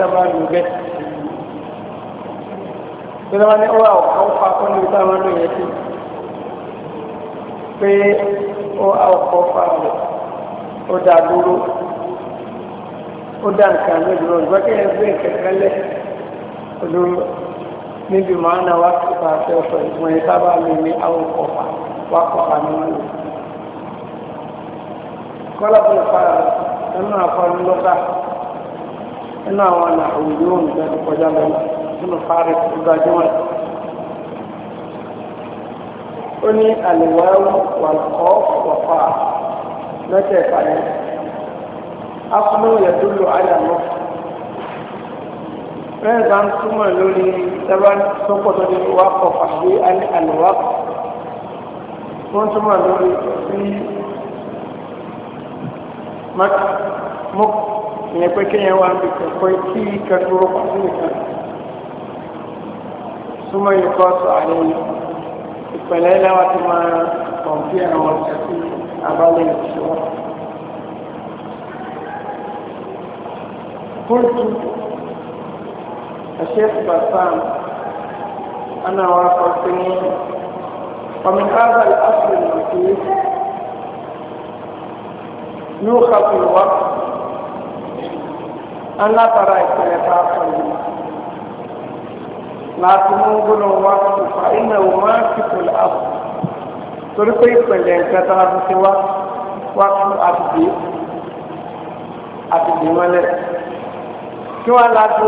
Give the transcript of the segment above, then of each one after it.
sábà lò bẹ́ẹ̀. Ìjọba wa ní ó wà ọ̀kan fa kọ́ ní sábà lò yẹn sí. Pé ó wà ọ̀kan fa rẹ̀, ó dá dúró, ó dá nǹkan mi dúró. Ìgbà kí ẹ gbé kẹ̀kẹ́ lẹ̀ olóró níbi màá na wá kíkọ́ àti ọ̀sọ̀ ìwọ̀n yẹn sábà lò ní àwọn ọ̀kọ̀fà wá kọ̀fà ní wọn lò. Kọ́lá tó ń fa nínú àfọlùlọ́gbà nínú àwọn àlà òwúrò oúnjẹ tó kọjá lọ nínú fáre tó gbajúmọ̀ ó ní àlèwáwú wàlùkọ́ wàfà mẹ́tẹ̀ẹ̀fà yẹn afúnú yẹ tó lo àyà lọ bẹ́ẹ̀ bá ń túmọ̀ lórí sábà sọ́pọ̀ tó ní wákọ̀ pàdé àlèwákọ̀ wọ́n túmọ̀ lórí sí mọ́tò ìyẹn pé kéèyàn wá bí kẹ̀kọ́ kí kẹtùrú pàṣẹ nìkan súnmọ́ yìí kọ́ sọ àlẹ́ yìí ìpẹ̀lẹ́ láwa ti máa kọ̀ǹpí àwọn ọ̀sẹ̀ sí abálẹ̀ ìṣòwò. قلت الشيخ بسام أنا وافقتني ومن هذا الأصل المكيف يوخى في الوقت alátara ìpìlẹ̀ tá a sọ yìí láti mú gbólóhùn wá fún fa iná ò máa ń fi pèlè àbò torí pé ìpìlẹ̀ ìjẹta la fi ṣe wá wá fún àdìgbé àdìgbé mọ́lẹ̀ kí wọ́n láti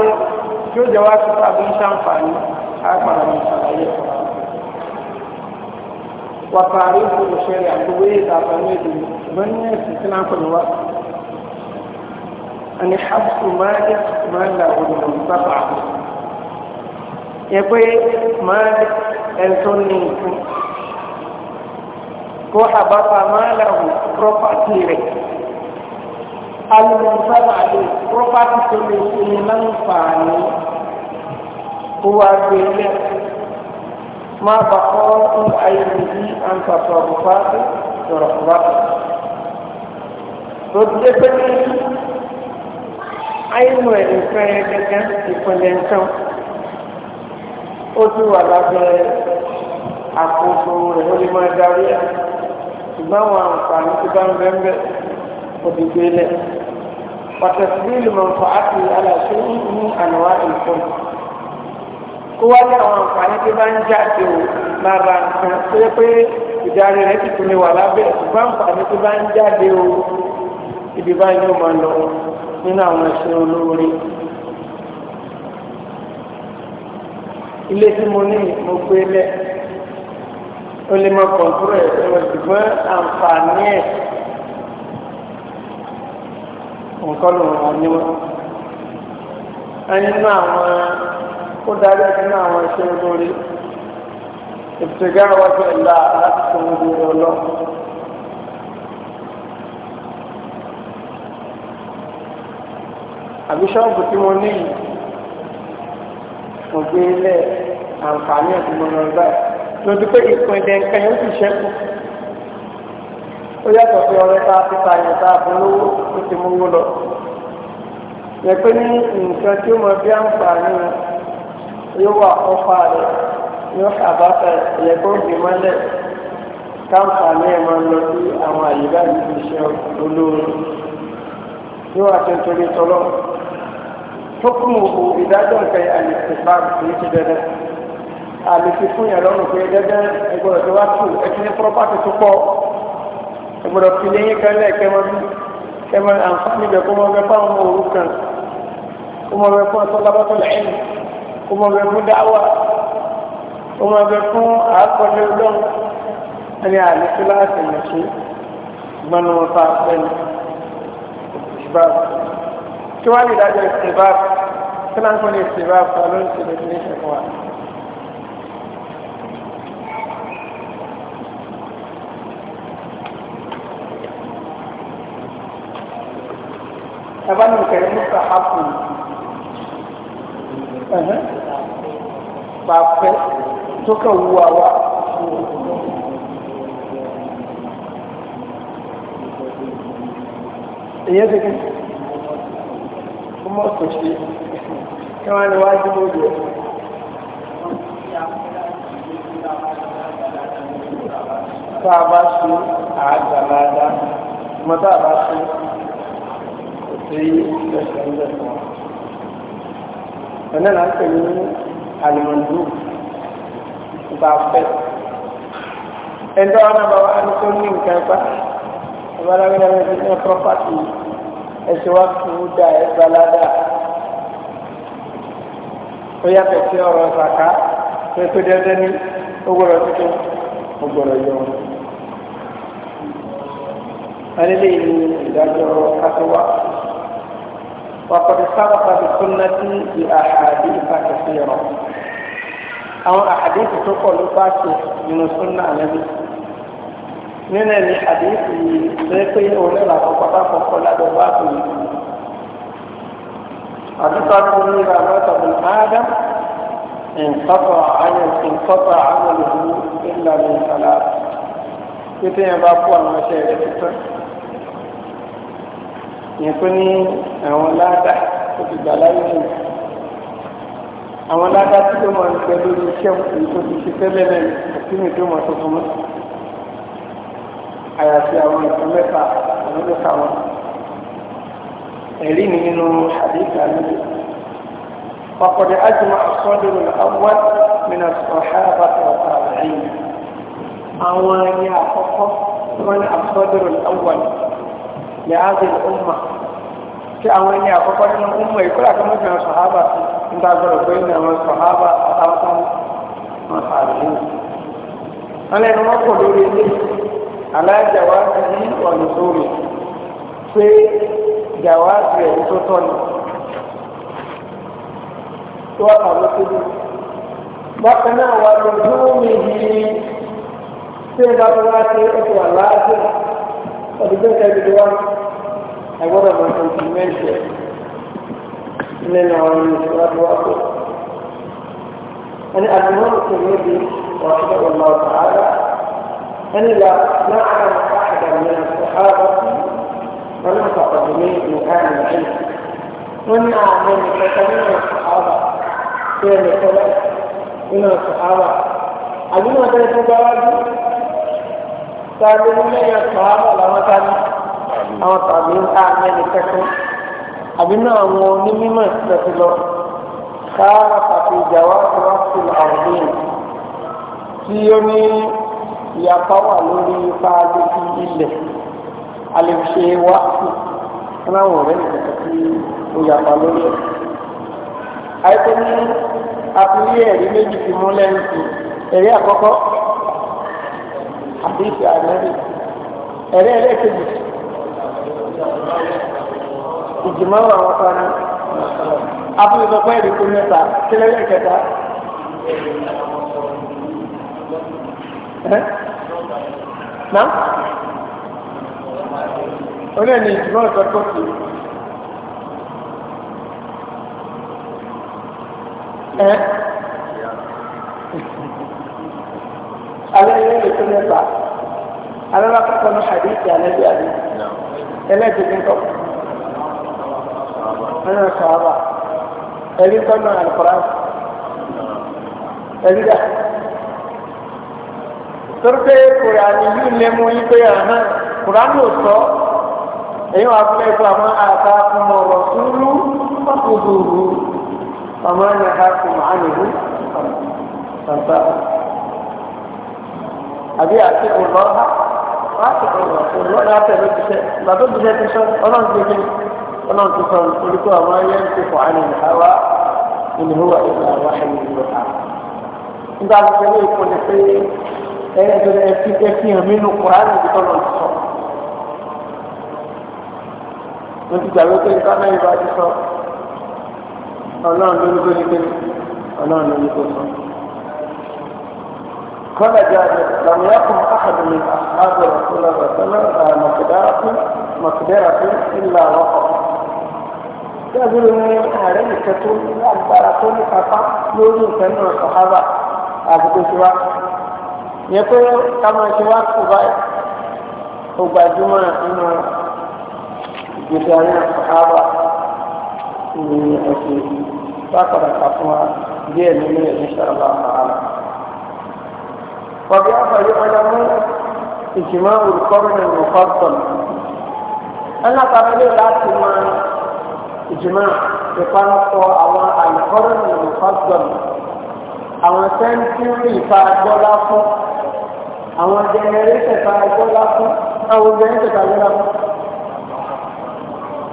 kí ó jẹ́ wá sí tàbí ṣàǹfààní àgbàrá ní ìṣàlàyé wàtàrí ìṣòro ṣẹlẹ̀ àgbègbè ìdàgbàsókè ìdùnnú ìgbóníyàn ìsìnkú náà pẹ̀lú wá. Ani hapsu máa jẹ́ máa ń làwọn ènìyàn sábà yẹ pé máa ẹni tó ní nǹkan kó àbáta máa làwọn pírọ́pátì rẹ̀ alùpùpù sábà lè pírọ́pátì tó lè fún ní kó wá gbé lẹ́kọ̀ọ́ ma baqa'u aynihi an tasarrufati wa rahmati. Tó ti dé pé ní àìmọ̀ nǹkan yẹn gẹ́gẹ́ ìpínlẹ̀ nǹkan ó tún wà lábẹ́ àkóso rẹ̀ ó lè máa darí ẹ̀ ṣùgbọ́n àwọn àǹfààní tó bá ń bẹ́ẹ̀ bẹ́ẹ̀ òdìgbé lẹ̀ pàtàkì bí ìlúmọ̀ nǹkan á ti aláṣẹ ní ànáwá ìfọ̀n kó wá ní àwọn àǹfààní tó bá ń jáde ò lára nǹkan tó yẹ pé ìdarí rẹ̀ ti tún lè wà lábẹ́ ṣùgbọ́n àǹfààní tó bá ń jáde ò ìdìbò ayé ò máa lọ nínú àwọn ẹ̀ṣẹ́ olóore ilé tí mo ní mo gbé lẹ̀ ó lè mọ kọ̀ǹtúrò ẹ̀ ẹ̀rọ ṣùgbọ́n àǹfààní ẹ̀ nǹkan ló wà ní wọn nínú àwọn ó darí nínú àwọn ẹ̀ṣẹ́ olóore ìtìgáwájú ẹ̀la láti tó ń gbé ọlọ́run. àbí ṣọ́ọ̀bù tí mo ní yìí mo gbé ilẹ̀ àǹfààní ẹ̀sìn mo lọ báyìí mo ti pé ìpín dẹ́ńkẹ́ yóò sì ṣẹ́kù ó yàtọ̀ pé ọ̀rẹ́ tá a ti ta yẹn tá a fún lówó ó ti mú owó lọ yẹ pé ní nǹkan tí ó mọ bí àǹfààní yóò wà ọ̀fà rẹ̀ yóò ṣàbáfà ẹ̀yẹ kó gbé mọ́lẹ̀ káǹfààní ẹ̀ máa lọ sí àwọn àyíká yìí fi ṣe olóore yóò wà tuntun ní tọ́lọ́. حكمه إذا دون كي الاستقرار في جدد alififun yẹn lọrùn pé dẹdẹ ẹgbọdọ tó wá tù ẹtí ní pọrọpàtì tó pọ̀ ẹgbọdọ fi léyìn kẹlẹ kẹmọ bí kẹmọ àǹfààní bẹ kó mọ bẹ fún àwọn òru kan kó mọ bẹ fún ọtọlábàtọ lẹ́yìn kó mọ bẹ fún dáwà kó mọ bẹ fún àákọlẹ ọlọ́run ẹni àlefin láti mẹsí gbọnà wọn fà bẹ́ẹ̀ni ìbáà tí wọn lè dájọ ìsìn báà. kíláà ń kọ́ ní ìṣèlú àfọwọ́ ló ń ṣe lójú ní ìṣẹ̀kọ́ wa. ẹ̀bá ní ìkẹ̀lẹ́ mọ́tò àpò pàfẹ́ tó kàn wú àwa. èyí ẹ̀ dẹ́gẹ́ ọmọ kò kí wọ́n lè wájú lóde. Tá a bá ṣe àgbàládá, mo tá a bá ṣe kò sí ẹsẹ̀ ńlẹ̀ fún Ọ̀nà náà ń pè ní àlùmọ̀dù nípa Ẹ̀dọ́ ọ̀nà bàbá ni tó ní nǹkan pa. Bàbá lágbàdàgbà ti ní ẹ̀ pọ́pátì ẹ̀ṣẹ̀ wá ó yàtọ̀ sí ọ̀rọ̀ ṣàká tó tó dẹ́dẹ́ ní ogbòrò tuntun ogbòrò yọ. alẹ́lẹ́ ìlú ìdájọ́ kásíwá wàkọ̀dé sábàkà bí súnná tí di àhàdí ìfàkẹ́ sí ọ̀rọ̀ àwọn àhàdí tó pọ̀ ló bá ṣe nínú súnná àlẹ́bí nínú ẹ̀mí àdéhùn yìí lẹ́pẹ́ òun náà bá kọ́kọ́ lábẹ́ wá tó yìí أتترك إذا مات ابن آدم انقطع عمل انقطع عمله إلا من ثلاث يتي يبقى المشاهد الفتر يكوني أولاده في بلايين àwọn ládá tí ó máa ń gbẹ lórí iṣẹ́ tó ti ṣe tẹ́lẹ̀ náà àti mi tó máa tuntun mọ́ àyàfi àwọn ìtàn mẹ́ta àwọn mẹ́ta wọn. ẹ̀rí mi nínú àdéhùn àlejò ọ̀pọ̀dé ájùmọ̀ àsọ́dúró àwọn mìíràn sọ̀há àbátà ọ̀tà àlẹ́yìn àwọn ẹni àkọ́kọ́ wọn ni àsọ́dúró àwọn ní àdé ọmọ tí àwọn ẹni àkọ́kọ́ nínú ọmọ ìkọ́lá tó mọ̀ mìíràn sọ̀há àbá ń bá gbọ́dọ̀ pé ní àwọn sọ̀há àbá àtàwọn wọn àlẹ́yìn wọn lẹ́nu wọn kò lórí ilé alájà wá sí ọ̀nà sórí pé jàwáàbù rẹ̀ tó tọ́ ni tó wà kàwé síbi bákan náà wà ló dúró mi yìí tí ẹ bá tó wá sí ẹsẹ̀ àlàáfíà ọdún tó ń tẹ́lẹ̀ wá ẹgbọ́dọ̀ mọ̀ kọ̀ǹtìmẹ́ǹtì ẹ̀ nínú àwọn ìṣòro wá kó. أن الإمام الترمذي رحمه الله تعالى أن لا نعلم أحدا من الصحابة wọn náà kọ̀kọ́ sí ní nǹkan àmì ẹ̀yìn wọn ní àwọn ẹni kọ̀ọ̀kan nínú ọ̀sọ̀hárà tí ẹni kọ́lá nínú ọ̀sọ̀hárà àbúrò ọ̀sẹ̀ tó gbá wájú sáájú lẹ́yìn ọ̀sọ̀hárà làwọn sáájú àwọn tàbí ń ká ẹni kẹ́kọ̀ọ́ àbí náà àwọn onímọ̀ ìtẹ̀sí lọ a lè ṣe wá sí ẹnáwó rẹ nìkan tí ó yàtọ̀ lórí ẹ̀. àìsí ní àfihàn ẹ̀rí méjì ti mú lẹ́yìn sí ẹ̀rí àkọ́kọ́ àti ìfẹ́ àmẹ́rì ẹ̀rí ẹlẹ́kejì ìjìmọ̀ àwọn kan ní àfihàn ọ̀pọ̀ ẹ̀rí kó mẹ́ta kílẹ̀ lẹ́kẹta. Náà oní ẹni ìtumọ̀ ìtọ́kọ̀ sí ẹ alẹ́ yẹn lè tó mẹ́fà alẹ́ bá kọ́kọ́ ní hadithi alẹ́ bí alẹ́ ẹlẹ́dẹ̀ẹ́dẹ́ kọ́ ẹnà sọ̀rọ̀ ẹ̀rí kọ́nà àlùkòrán ẹ̀rí dà torí pé kòrò àníyí lé mú yí pé àhán kùránì ò sọ èyí wà fún ẹ̀kọ́ àwọn àgbà ọmọ ọ̀rọ̀ túlú ọ̀kùnrùrù ọmọ ẹ̀yà ká kù máa nìyí ọ̀sán. àbí àti ọ̀rọ̀ ha láti ọ̀rọ̀ ọ̀rọ̀ láti ẹ̀rọ ti sẹ́ gbàdó ti sẹ́ ti sọ ọlọ́run ti kí ọlọ́run ti sọ olùkọ́ àwọn ẹ̀yẹ ń ti fọ̀ àná ìhàwá ìnìhùwà ìgbà wáhẹ̀ ìlú ha. nígbà tó ṣe ní ìkọ́ni pé ẹ̀yẹ tó mí wọ́n ti gbàgbé pé nǹkan náà ìbá ti sọ ọlọ́run ló ní kó ní kéde ọlọ́run ló ní kó sọ. قال جابر لم يكن أحد من أصحاب رسول الله صلى الله عليه وسلم مقدرة مقدرة إلا وقف jábìrì ní ààrẹ nìkan tó lágbára tó ní kápá lórí nǹkan náà sọ̀hábà àdúgbò tiwa yẹ pé ká máa ṣe wá kó báyìí ó gbajúmọ̀ nínú ìgbésẹ̀ ayé àkàbà ní ọ̀sẹ̀ sápadà kàfún wa díẹ̀ nínú ẹ̀ ní sàrọ̀lá àhàlà. Wàbí àfàyè ọjà mú ìjìmọ̀ olùkọ́rin ní kọ́tọ̀n. Ẹnàkàbí lè láti mọ ìjìmọ̀ ìpanupọ̀ àwọn àlùkọ́rin ní kọ́tọ̀n. Àwọn sẹ́ńtúrì ìfagbọ́lá fún àwọn jẹnẹrétẹ̀ ìfagbọ́lá fún àwọn jẹnẹrétẹ̀ ìfagbọ́lá fún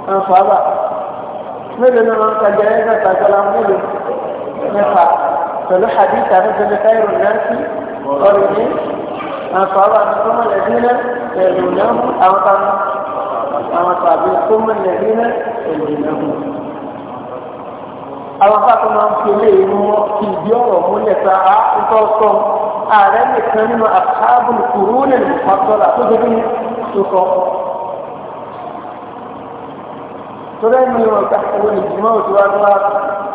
wọn fà bá mélòó ni wọn kàjá ẹ bẹ tàgbàlá mélòó mẹ́fà pẹ̀lú hadith àfẹsẹlẹ káyọrọ náàtì ọrọ ní wọn fà bá sọmọ lẹbínà pẹ̀lú náà àwọn kan àwọn tàbí sọmọ lẹbínà pẹ̀lú náà àwọn bá tó máa ń fi ilé ìlú wọn kí ìdí ọ̀rọ̀ múlẹ̀ ta á ń tọ́ sọ ààrẹ nìkan nínú àkáàbùn kùrú nínú pàtọ́lá tó dé bí tó sọ torí ẹni wọn ká owó ní ìgbìmọ̀ òtún wá tó wá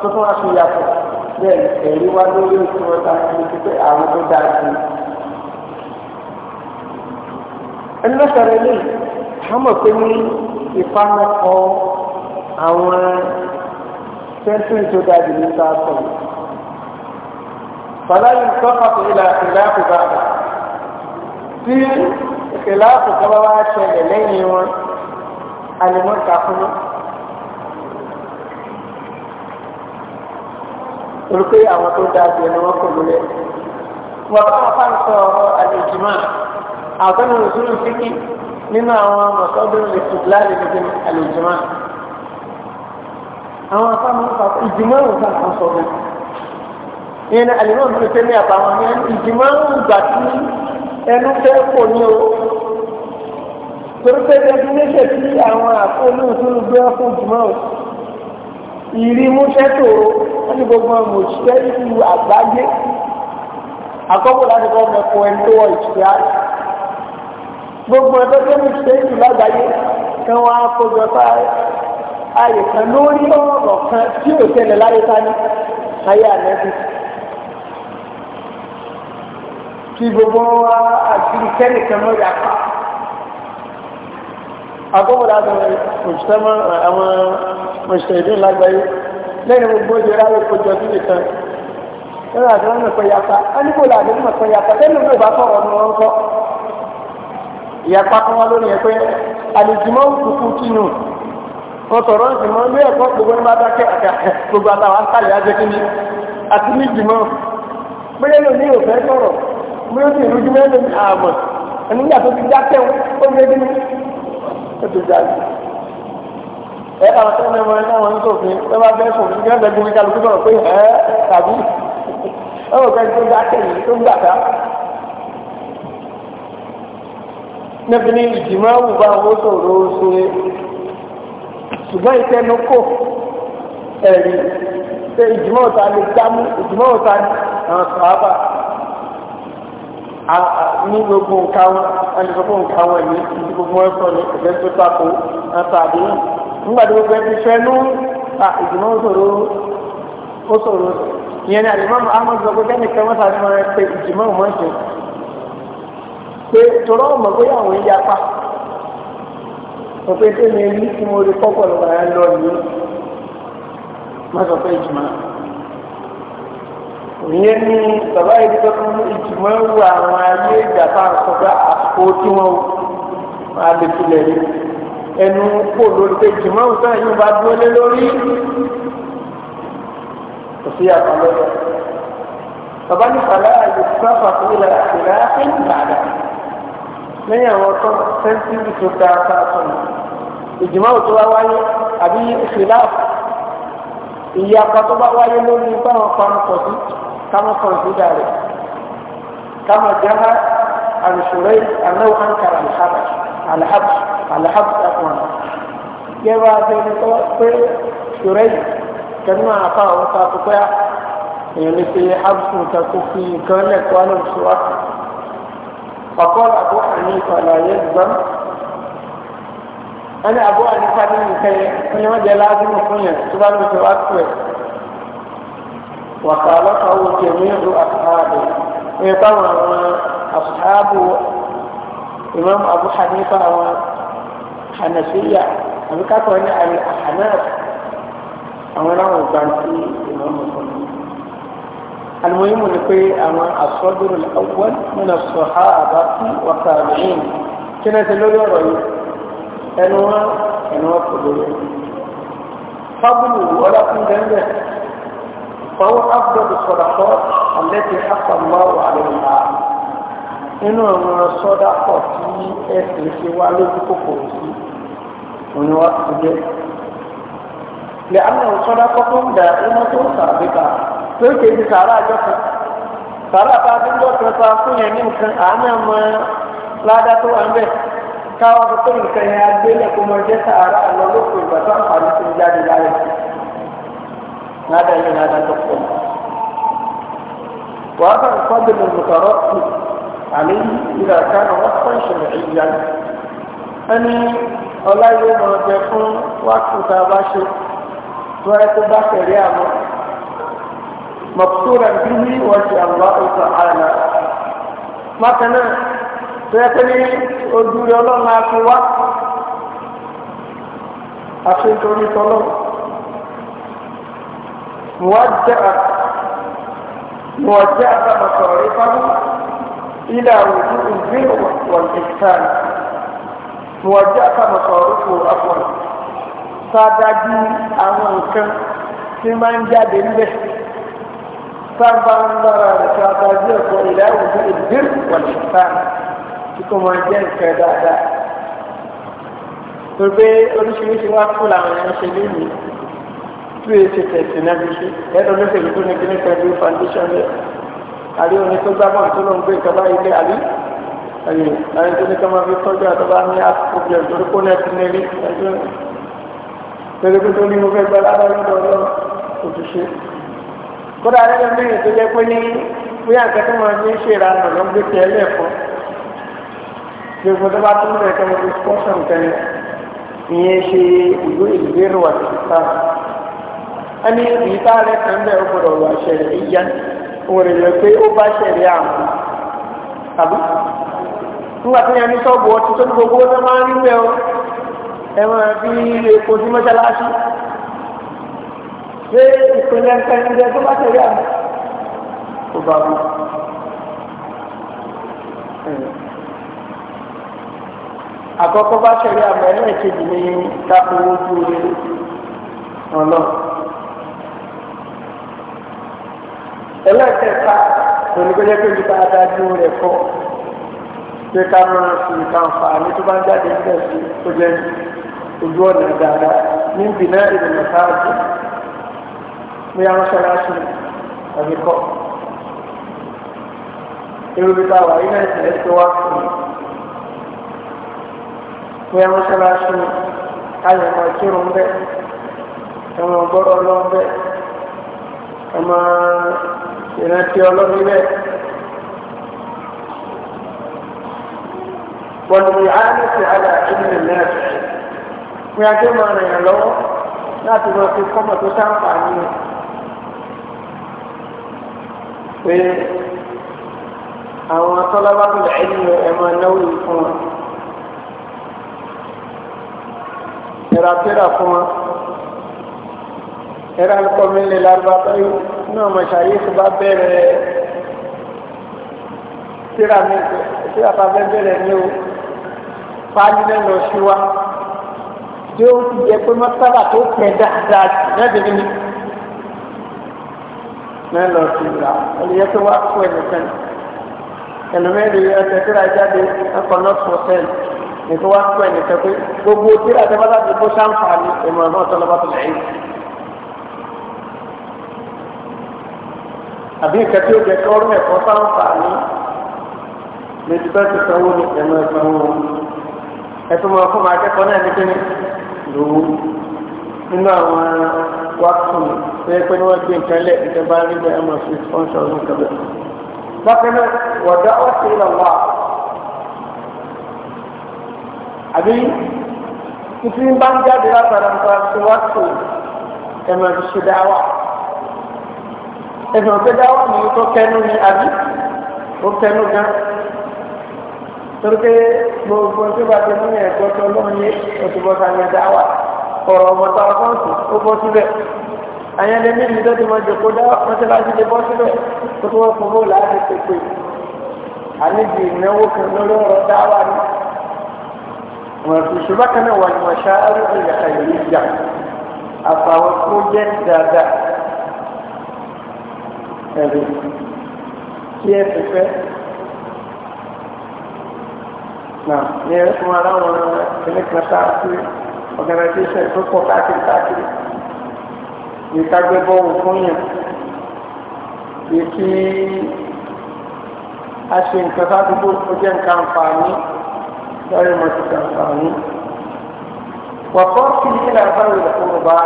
tó tún wá fi yàtọ̀ bẹ́ẹ̀ ẹ̀rí wá lórí òtún wọn táwọn ẹni tó pé àwọn tó dáa sí i. ẹni lọ́sọ̀rọ̀ ilé àmọ̀ pé ní ìfamọ́kọ àwọn sẹ́ńtúrì tó dáa jù ní sáà sọ̀rọ̀. fàlàyé sọ́kàtù ìlà ìlà àkùbà tí ìlà àkùbà wá ṣẹlẹ̀ lẹ́yìn wọn àlùmọ́ta fún wọn. olùkọ́ yìí àwọn tó dáa jù ẹni wọ́n kò lulẹ̀. wọ́n bá wọn fà ń sọ ọ̀rọ̀ àlejìmọ́ àgbẹ̀nu òṣùlù fíkì nínú àwọn mọ̀sọ́dún lè tù láàrin níbi àlejìmọ́. àwọn afáàmù fà ìjìmọ́ òun fà kàn sọ bẹ́ẹ̀. ìyẹn ni àlejò òun fẹ́ ní àbáwọn ní ìjìmọ́ òun gbà tí ẹnu fẹ́ kò ní o. torí pé ẹgbẹ́ ní ṣe tí àwọn àfọ́ olóòtú gbé fún ìjìmọ́ òun ìrímúṣẹ́ tòrò wọ́n ní gbogbo ọmọ òṣìṣẹ́ nínú àgbáyé àkọ́kọ́ láti kọ́ ọmọ ẹ̀kọ́ ẹni tó wọ ìṣẹ́ àti gbogbo ẹ̀kọ́ tó ní ìṣẹ́ ìlú lágbàáyé kan wá kójọ pa ààyè kan lórí ọ̀rọ̀ kan tí ò tẹ̀lẹ̀ láyé sáré ayé àlẹ́bí kí gbogbo wa àti kẹ́nìkan mọ́ yàtọ̀ agbọ́bọ̀dá àwọn mùsùlùmọ́ àwọn mùsùlùmí lágbàáyé lẹ́yìn gbogbo ìjọ ráyè kojọ sí nìkan lọ́nà àti wọn mọ̀kọ́ yapa a níbo là ní mọ̀kọ́ yapa tẹ́lẹ̀ mi ò bá fọ̀rọ̀ ọmọ wọn kọ́ ìyapa kan wá lónìí pé àlejìmọ́ òkùnkùn kínú wọn sọ̀rọ̀ ìjìmọ́ ní ẹ̀kọ́ gbogbo ní bá dákẹ́ àkà gbogbo àtàwọn àkàlẹ̀ ajẹ́kíní àti ní ìjìmọ́ bóyá lónìí ò fẹ́ sọ̀rọ̀ bóyá ó sì rújú mẹ́rin àmọ̀ ẹ̀nígbà tó ó ti jà jù ẹ bá wọn tẹ́lẹ̀ wọn náà wọn ń sòfin ẹ bá bẹ́ẹ̀ sòfin kí wọ́n bẹ́ẹ̀ gbómi kálukú sọ̀rọ̀ pé ẹ tàbí ẹ wò pẹ́ẹ́ tó dá kẹ́yìn tó ń gbà ká. níbi ní ìjìmọ̀ àwùbá owó sọ̀rọ̀ oṣù rẹ̀ ṣùgbọ́n ìtẹnu kò ẹ̀rí ṣe ìjìmọ̀ ọ̀tá lè dámú ìjìmọ̀ ọ̀tá ni àwọn sọ̀rọ̀ ní gbogbo nǹkan ẹni gbogbo nǹkan wọn ní ti gbogbo wọn sọ ní ẹgbẹ́ tó tako ẹ̀ta nígbà tó gbogbo ẹni fẹ́ nú ìdùnnú òṣòro òṣòro ìyẹn ni àdìmọ́mù sáré máa pe pé tòrọ́ ọmọ pé àwọn ìyá pa tí mo rí kọ́kọ́ lọ́wọ́ ìyẹn ní bàbá yìí tó fún ìjùmọ̀ wù àwọn ayé ìjàpá àkọ́kọ́ àsìkò tí wọ́n máa lè tilẹ̀ rí ẹnu kò lórí pé ìjùmọ̀ wù sáà yóò bá dúró lé lórí kò sí àpamọ́jọ. bàbá ní fàlẹ́ àyè sáfà fún ilẹ̀ àtìlẹ́ àfẹ́ ìbàdàn lẹ́yìn àwọn tó sẹ́ńtírì tó ga sáàtọ̀nù ìjùmọ̀ wù tó wá wáyé àbí ìṣèlá ìyapa tó bá wáyé lórí báwọn pa ń sí. كما ذلك كما جاء عن شريح أنه أنكر الحبش على حبش على حبش أخوانه يبقى في شريح كما أعطاه وطاقه يعني في حبش متكفي كان لك وأنا بسرعة فقال أبو حنيفة لا يلزم أنا أبو حنيفة من كي أنا ما لازم أكون يعني سبحان الله وخالقه جميع أصحابه طبعا أصحاب إمام أبو حنيفة حنفية أبو كاتب الحناف او وكان في إمام المهم لكي أما الصدر الأول من الصحابة والتابعين كنا تلوي رأي أنواع أنواع فضل ولا قدوية فهو أفضل الصدقات التي حق الله عليها inú àwọn sọ́dápọ̀ tí ẹ̀sìn ṣe wá lójú kòkòrò sí òní wá ti jẹ́ lè àwọn sọ́dápọ̀ tó ń da iná tó ń sàbí ká tó ń kéde sàárà àjọ kan sàárà bá ti ń bọ̀ fún yẹn ní nǹkan àánú ọmọ ládá tó wà ń bẹ̀ káwọn tó nǹkan yẹn agbélẹ̀ jẹ́ sàárà lọ lóko ìgbà tó àǹfààní tó ń jáde láyé sí i ládàá yìí ládàá tó pọ̀ wàá bá nǹkan bí mo lùkọ̀rọ̀ tù àlẹ́ yìí ìlà kan àwọn fún ìṣẹ̀lẹ̀ ìyá ẹni ọlá yóò máa jẹ fún wákùú tá a bá ṣe tó ẹ tó bá tẹ̀lé àmọ́ mọ̀kúrà bíbí wọ́n ti àwọn ọ̀sán àlà bákan náà tó yẹ kó ní ojú rẹ ọlọ́run á fi wá àfi nítorí tọ́lọ́run. موجهة موجهة مصارفه إلى وجوه البر والإحسان موجهة مصارفه أفضل sádájú àwọn nǹkan tí máa ń jáde níbẹ̀ sábà ń lọ́ra rẹ̀ sádájú ẹ̀kọ́ ìlà àwùjọ ìdír wàlúùfà tí kò máa jẹ́ nǹkan dáadáa. pé oríṣiríṣi wá fún làwọn èèyàn ṣe lónìí tí o ṣe tẹ̀sí náà fi ṣe ẹnu oníṣègùn tó ní kíní pẹ̀lú foundation rẹ̀ àrí oní tó gbá bọ́ọ̀lù tó ló ń gbé ìjọba ilé àrí ẹ̀yìn àrí tó ní ká máa fi tọ́jú àtọ́bá ní àpòbíọ̀ torí kó náà ti ní rí ẹjọ́ pẹ̀lú pé tó ní mo fẹ́ gbá lábárí lọ́wọ́ òṣìṣẹ́ kódà nínú mẹ́rin tó jẹ́ pé ní bóyá nǹkan tó máa fi ṣe ìranù ló ń gbé tiẹ̀ lẹ́ẹ̀kan gbogbo tó bá tó ń bẹ̀rẹ̀ kẹ́mi fi sponsor nǹkan ìyẹn ṣe ìlú ìlú ìrìn ẹni ìta rẹ̀ kan bẹ́ẹ̀ ó gbọ́dọ̀ wà ṣẹlẹ̀ ìyá òun rẹ̀ lọ pé ó bá ṣẹlẹ̀ àmú tàbí nígbà tí yẹn ní sọ́ọ̀bù ọtí tó ní gbogbo ọtí máa ń rí bẹ́ẹ̀ o ẹ máa fi epo sí mọ́ṣáláṣí ṣé ìpínlẹ̀ nǹkan tó bá ṣẹlẹ̀ àmú kó bá wù. àkọ́kọ́ bá ṣẹlẹ̀ àmú ẹlẹ́ẹ̀kejì ní kápẹ́ owó ọlọ́run. ẹlẹ́kẹ̀ẹ́ta onígbẹ́jẹ́ pé nípa adájú rẹ̀ kọ́ pé ká máa fi àǹfààní tó bá ń jáde níbẹ̀ sí tó jẹ́ ojú ọ̀nà dáadáa ní ìbìnà ìrìnà sáájú ní amọ́ṣáláṣí àbí kọ́. Èrò mi ta wà nínú ìṣẹ̀lẹ̀ tó wá fún mi. Ní amọ́ṣáláṣí ayọ̀ máa kírun bẹ́ẹ̀, ẹ̀wọ̀n gbọ́dọ̀ lọ́ bẹ́ẹ̀, ẹ̀ ìrántí ọlọ́run bẹ́ẹ̀. pọ̀lùmí àánìsì àdá ìmìlẹ̀ náà pé ajé máa ràn yàn lọ́wọ́ láti lọ sí kọ́mọ̀ tó sáǹfààní rẹ̀. pé àwọn atọ́lábá tó lẹ̀ ẹ́nu ẹ̀ máa náwó yìí fún wọn. ẹ̀rọ fún wọn. ẹ̀rọ alùpùpù mi lè lárúbá tó náà mọ̀ṣáyé tó bá bẹ̀rẹ̀ síra mi síra bá fẹ́ bẹ̀rẹ̀ ní o pálí náà lọ sí wa tí ó ti jẹ pé mọ́sára tó pẹ́ dáadáa náà ti ní náà lọ sí ra ẹlẹ́yẹ tó wá fún ẹnìkan ẹlòmíràn ẹsẹ̀ tó ra jáde ẹ̀kọ́ náà fún sẹ́ẹ̀lì nìkan wá fún ẹnìkan pé gbogbo tí ra tẹ́fọ́tà tó kó sáǹfà ní ìmọ̀ náà tọ́lọ́bàtò lẹ́yìn. àbí nǹkan tí ó jẹ kí ọrùn ẹ̀kọ́ sáwọn fàánì lẹ́tí bá ti sanwó ní ẹ̀mọ ìsanwó ẹ̀tọ́ mọ̀ fún akẹ́kọ̀ọ́ náà ní kíni lòwú nínú àwọn wákùn tó yẹ pé wọ́n gbé nǹkan lẹ̀ nígbà bá rí bẹ́ẹ̀ mọ̀ sí sponsor ọdún kẹbẹ̀. bákan náà wọ̀dà ọ̀sẹ̀ ìlànà àbí títí bá ń jáde látara nǹkan tó wákùn ẹ̀mọ̀ ìṣẹ̀dá wà ẹ̀sìn ọ̀pẹ dáwà ní tó kẹnu ní àbí ó kẹnu gan torí pé gbogbo tó bá ti mú ní ẹ̀kọ́ tó lóun yé òtúbọ̀ sàmì dáwà ọ̀rọ̀ ọ̀mọ̀ta ọ̀fọ́ǹsì ó bọ́ síbẹ̀ àyàn lè ní ìlú tó jòkó dá mọ́sálásí lè bọ́ síbẹ̀ kó tó wọ́n fún bó láti pèpè àníbi ìnáwó kan lórí ọ̀rọ̀ ṣùgbọ́n kan náà wà ní wàṣà àrùn ìyàkà ìlú ìjà àfàwọn tó jẹ́ dáadáa ẹ̀rù kí ẹ ti fẹ́. Nà ní ẹ fún ara wọn ẹni kan káàkiri organisation tó pọ̀ káàkiri káàkiri. Ìtagbẹ́ bọ́ọ̀lù fún yàn. Ìfi aṣe nǹkan sádùúgbò ó jẹ́ nǹkan àǹfààní lọ́rẹ́ mọ̀ sí àǹfààní. Wàkọ́ kí ní ìlànà báwo lè fún ọba?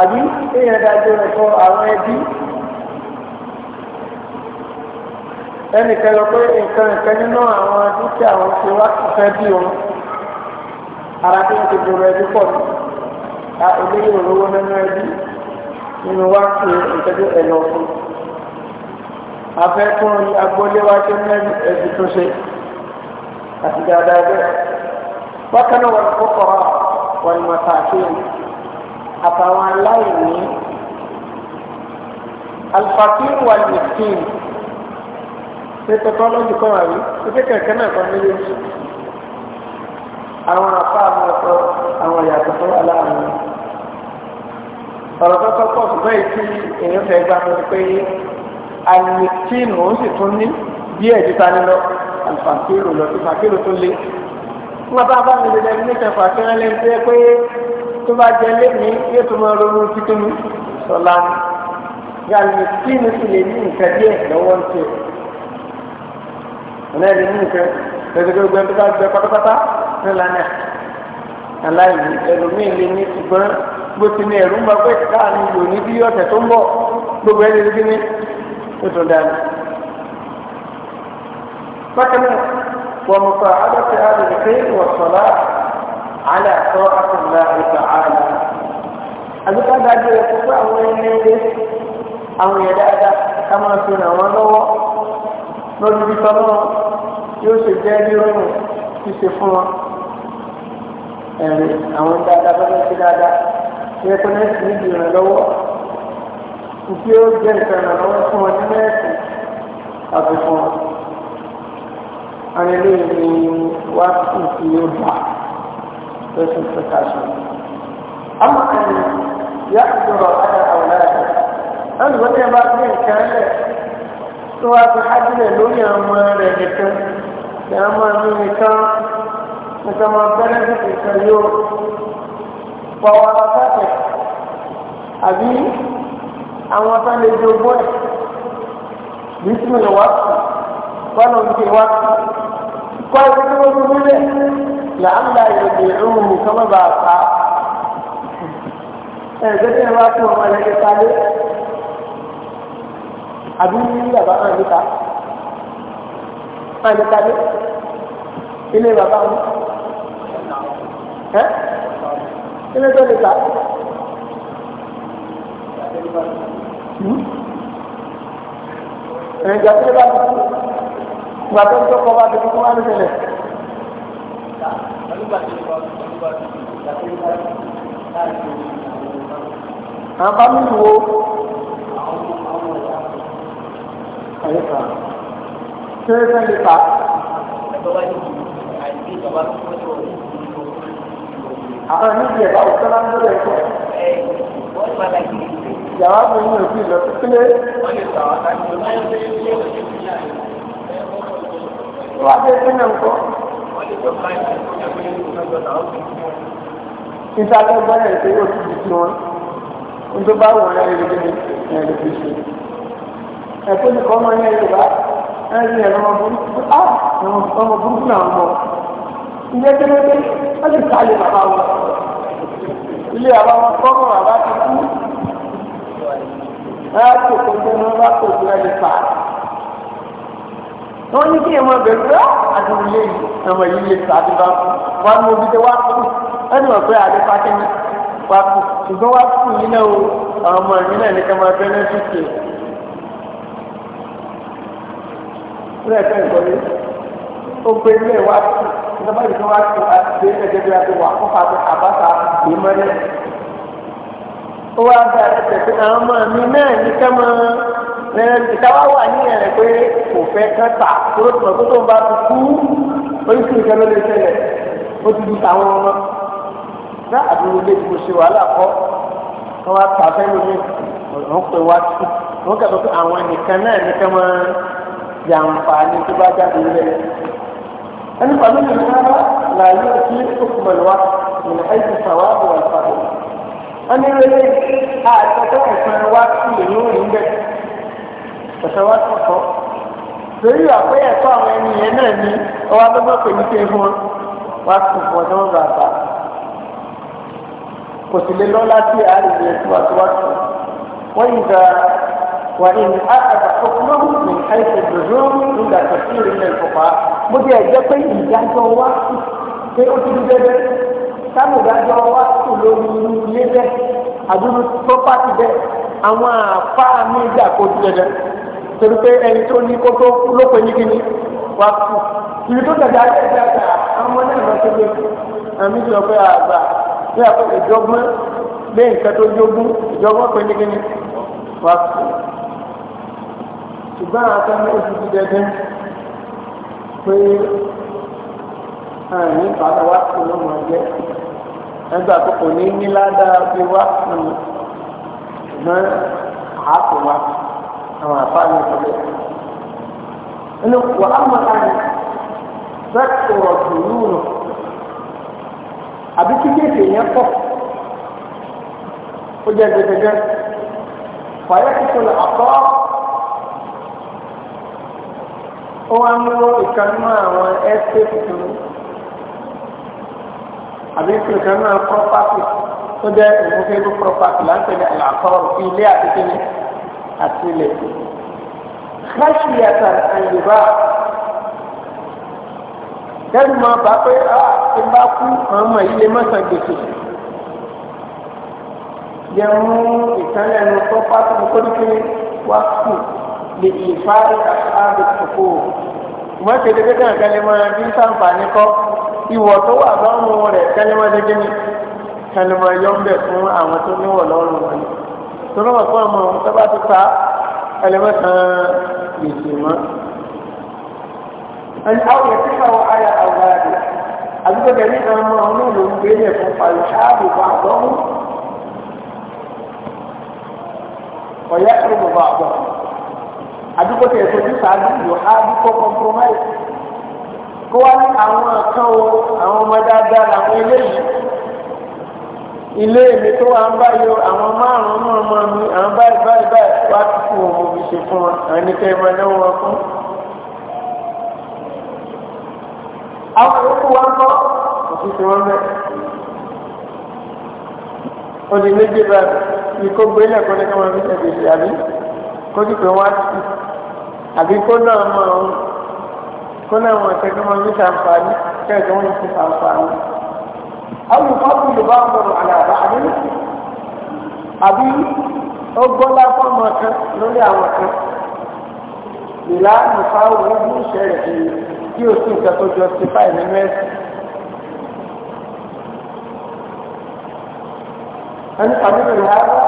Àbí èèyàn dájọ́ rẹ̀ fọ́ àwọn ẹbí ẹnìkan lọ pé nǹkan nǹkan nínú àwọn dúkìá wọn ti wá fẹ́ bí wọn ara tó ń ti dòrò ẹbí pọ̀ ní a olóyè olówó nínú ẹbí nínú wá sí ìtẹ́jú ẹ̀lọ́ fún afẹ́kùn agboolé wa tó ní ẹbí tó ṣe àti dáadáa bẹ́ẹ̀ bákan náà wọn kó kọ́ wọn mọ̀ sàkéyìn àtàwọn aláìní alfàkín wà lè kéyìn ṣe tọ́tọ́lọ́jì kan àrí ṣe kẹ̀kẹ́ náà kan nílé àwọn afá àwọn ọ̀tọ̀ àwọn ìyàtọ̀ tó wà láàrin ọ̀rọ̀ tọ́tọ́ pọ̀ ṣùgbọ́n èyí tí èèyàn fẹ́ gbà mọ́ ni pé alìkínú ó sì tún ní bí ẹ̀jú ta ni lọ alifàkírò lọ sí fàkírò tó lé wọn bá bá mi lè lẹnu níta fàkírò lẹnu tó yẹ pé tó bá jẹ lẹ́mìí yóò tó máa ronú títúnú sọlá ní alìkínú sì lè ní nǹkan díẹ̀ lọ́wọ́ ń tẹ̀ ọlẹ́rìí mú ìfẹ́ gbẹgbẹgbẹ gbẹ tó bá gbẹ pátápátá ńlá náà aláìní ẹlòmíì lè ní ṣùgbọ́n bó ti ní ẹ̀rú ń bá pé káàánú lò ní bí ọ̀sẹ̀ tó ń bọ̀ gbogbo ẹ̀ lè rí kíní tó tó dáa ní. bákan náà wọ́n mú pa adọ́tẹ́ àdùnnú pé ìwọ̀sọ̀lá alẹ́ àtọ́ àtúndà ìgbà àlà. àgbéká dájú ẹ̀kọ́ pé àwọn ẹni ẹgbẹ́ àwọn ẹ̀dá ẹ̀dá ká máa fi ràn wọ́n lọ́wọ́ lórí ibi tọ́lọ́ yóò ṣe jẹ́ nírọ̀rùn ṣíṣe fún wọn ẹ̀rìn àwọn dáadáa bá fẹ́ ṣe dáadáa yẹ kó nẹ́ẹ̀sì níbi ìrànlọ́wọ́ ìdí ó jẹ́ nǹkan ìrànlọ́wọ́ fún wọn ní nẹ́ẹ̀sì àti fún wọn. àwọn eléyìí ni wá sí ti ó bá lọ́sùn tó kàṣọ. àmọ́ àyè yá ìjọba ọ̀kadà àwòrán ẹ̀ ẹ̀ ń bá gbé nǹkan ẹ̀ tó wá ti hájúlẹ̀ lórí àwọn rẹ̀ nìkan kí a máa mú nìkan nìkan máa bẹ́rẹ̀ tètè kan yóò pọ̀ wá látàkẹ́ àbí àwọn tá lè jogbo ẹ̀ bísí lè wá sí bọ́lá òkè wá sí kọ́ ẹ̀ tó wọ́n tó nílẹ̀ làálà ìròyìn ìrùn nìkan má bàa pa ẹ̀ gẹ́gẹ́ wá sí ọmọ ẹ̀yẹ́kẹ́ta lé àbí bàbá hàn níta hàn níta dé ilé bàbá wọn ẹ ilé tó níta hmm? ẹnìjà tó bá ti kú ìgbà tó ń tọkọ bá ti kú kó wá ní ṣẹlẹ̀. fahimta you zan yi ta a kan nufi ba a kanan da zai kuwa jawabin yin fi da tukule wajen sunan ko ìtàkùn báyìí pé ó ti di tí wọn ń tó bá wọn lẹ́yìn lókè ẹ̀kọ́ ní kọ́ ọmọ yẹn yorùbá ẹ̀rí ẹ̀rọ ọmọ burúkú á ọmọ burúkú náà mọ̀ ilé kékeré wọ́n ti ta ilé bàbá wọn ilé bàbá wọn kọ́kọ́ bàbá ti kú ẹ̀ á tó kókó ní wọ́n bá tó kó ẹ̀ lè fà á wọ́n ní kí ẹ̀ máa bẹ̀rù rẹ̀ àti ilé ọmọ yìí lè fà á ti bá kú wọ́n á mú omi tẹ wá kú ẹni wọ́n pẹ́ àlẹ́ fákẹ́ni wá kú ṣùgbọ́n wá kú yìí náà o àwọn ọmọ yìí náà ní ká máa bẹ́ẹ̀ ní ẹ̀ka ìkọ́lé ó gbé ilé wa ìjọba ìjọba wa ti wá dé ẹgbẹ́ bí a ti wà kó fàtó àbáta yìí mọ́lẹ̀. ó wá bá ẹsẹ̀ pé àwọn ọmọ mi náà ní ká mọ ìtawá wà ní ẹ̀rẹ̀ pé kò fẹ́ kán tà tó tó tó tó ń bá ti kú oríṣiríṣi ìkan ló lè ṣẹlẹ̀ ó ti di tàwọn ọmọ náà àdúgbò lè kó ṣe wàhálà kọ́ wọ́n wá tà fẹ́ lómi wọ́n pè wá sí wọ́n kà jàǹfààní tó bá jáde rẹ̀. ẹni pàlú mi sábà láàyè kí òkùnmọ̀lúwa nínú ẹ̀sìn sàwà bò wà fà lọ. ẹni rere àtọ́tọ́ ẹ̀sán wa sí ìlú òyìn bẹ́ẹ̀. ẹ̀sán wa sọ̀tọ̀. torí àpẹyẹ tó àwọn ẹni yẹn náà ní ọwọ́ abẹ́gbẹ́ pè ní kéfù wá sí fún ọjọ́ wọn bàbá. kò sì lè lọ́lá sí àárẹ̀ yẹn tí wàá wá sí. wọ́n yìí dáa وإن أخذ حكمه من حيث الرجوع إلى كثير من الفقهاء بودي أجاكي إجاكي هو pé ó ti di bẹ́ẹ̀ sámùdájọ́ wa kù lórí ilé bẹ́ẹ̀ àdúró pọ́pátì bẹ́ẹ̀ àwọn àfa mi gbà kó ti bẹ́ẹ̀ torí pé ẹni tó ní kó tó lópe ní kíni wà kù ìlú tó tẹ̀lé ayé ẹ̀dá àgbà àwọn náà lọ sí ilé àmì ìjọ pé àgbà ní àpò ìjọgbọ́n lé nǹkan tó jogún ìjọgbọ́n pé ní kíni wà kù ṣùgbọ́n àwọn akẹ́kọ̀ọ́ ó ti di dẹ́dẹ́ pé àrùn ìbára wá sí ọmọ ẹgbẹ́ ẹgbẹ́ àkókò ní níládá bí wá sí ṣùgbọ́n àákò wá àwọn àfáàní ìṣẹ̀lẹ̀. inú wàhálà àmì sẹ́kítọ̀ ọ̀sùn lúùnù àbí kíkéèké yẹn pọ̀ ó jẹ́ gbẹgbẹgbẹ fàyẹ́kítọ̀ àkọ́ ó wá mú ìkanú àwọn ẹ́sẹ̀tì tó àbí ìkanú àwọn pọ́pátì tó jẹ́ ìmúfẹ́lú pọ́pátì láńpẹ̀lẹ̀ àlàkọ́rọ̀ fi ilé àti kíni àti ilẹ̀. káṣíyàtà àyèbá kẹ́rù máa bá pé a ah, ti bá kú ọmọ ilé mọ́sàn gbèsè yẹ mú ìkànnì ẹnu pọ́pátì kó ní wá kù lè ìfárí àbí kòkó ṣùgbọ́n kéde kéde nǹkan lè bí sàǹfààní kọ́ ìwọ̀ tó wà lọ́rùn rẹ̀ kẹ́lẹ́mọ́ dédé ni kẹ́lẹ́mọ́ yọ ń bẹ̀ fún àwọn tó níwọ̀ lọ́rùn wọn ni tó lọ́wọ́ fún ọmọ tó bá ti ta ẹlẹ́mọ́ kan gbèsè mọ́. ẹni àwọn yẹn kíkà wọ ayà àwọn àdè àdúgbò kẹ́lẹ́ kan mọ́ ọ̀nà òun ló gbé lẹ̀ fún pàlù ṣáàbù fún àbọ̀hún ọ̀yá kúrò bàbá àbọ̀hún àdúgbò tẹ̀ tó ti sàájú yóò há dúkọ́ compromise kó wá ní àwọn kan wo àwọn ọmọ dáadáa làwọn eléyìí ilé mi tó wà ń báyọ àwọn márùn náà mọ mi àwọn báyìí báyìí báyìí wá ti fún òun mo fi ṣe fún wọn àwọn ẹnikẹ́ ìmọ̀ náà wọn fún. àwọn yòókù wa ń bọ́ òfin tí wọ́n mẹ́. ó di méjì báyìí kó gbé lẹ́kọ̀ọ́ lẹ́kọ̀ọ́ máa fi ṣe àbí kójú pé wá sí àbí kó náà mọ ọ kó náà mọ ọ̀sẹ̀ kí wọ́n ní sàǹfààní kẹ́ẹ̀kẹ́ wọ́n ní sàǹfààní. àwọn ìfọ́kù ló bá ń bọ̀rọ̀ àlàbà àbí àbí ó gbọ́lá fọ́ọ̀mù kan lórí àwọn kan ìlànà fáwọn ogun ìṣẹ̀lẹ̀ yìí tí ó sì ń kẹ́ tó jọ sí fáìlì mẹ́sì. ẹni tàbí ìlú hàrá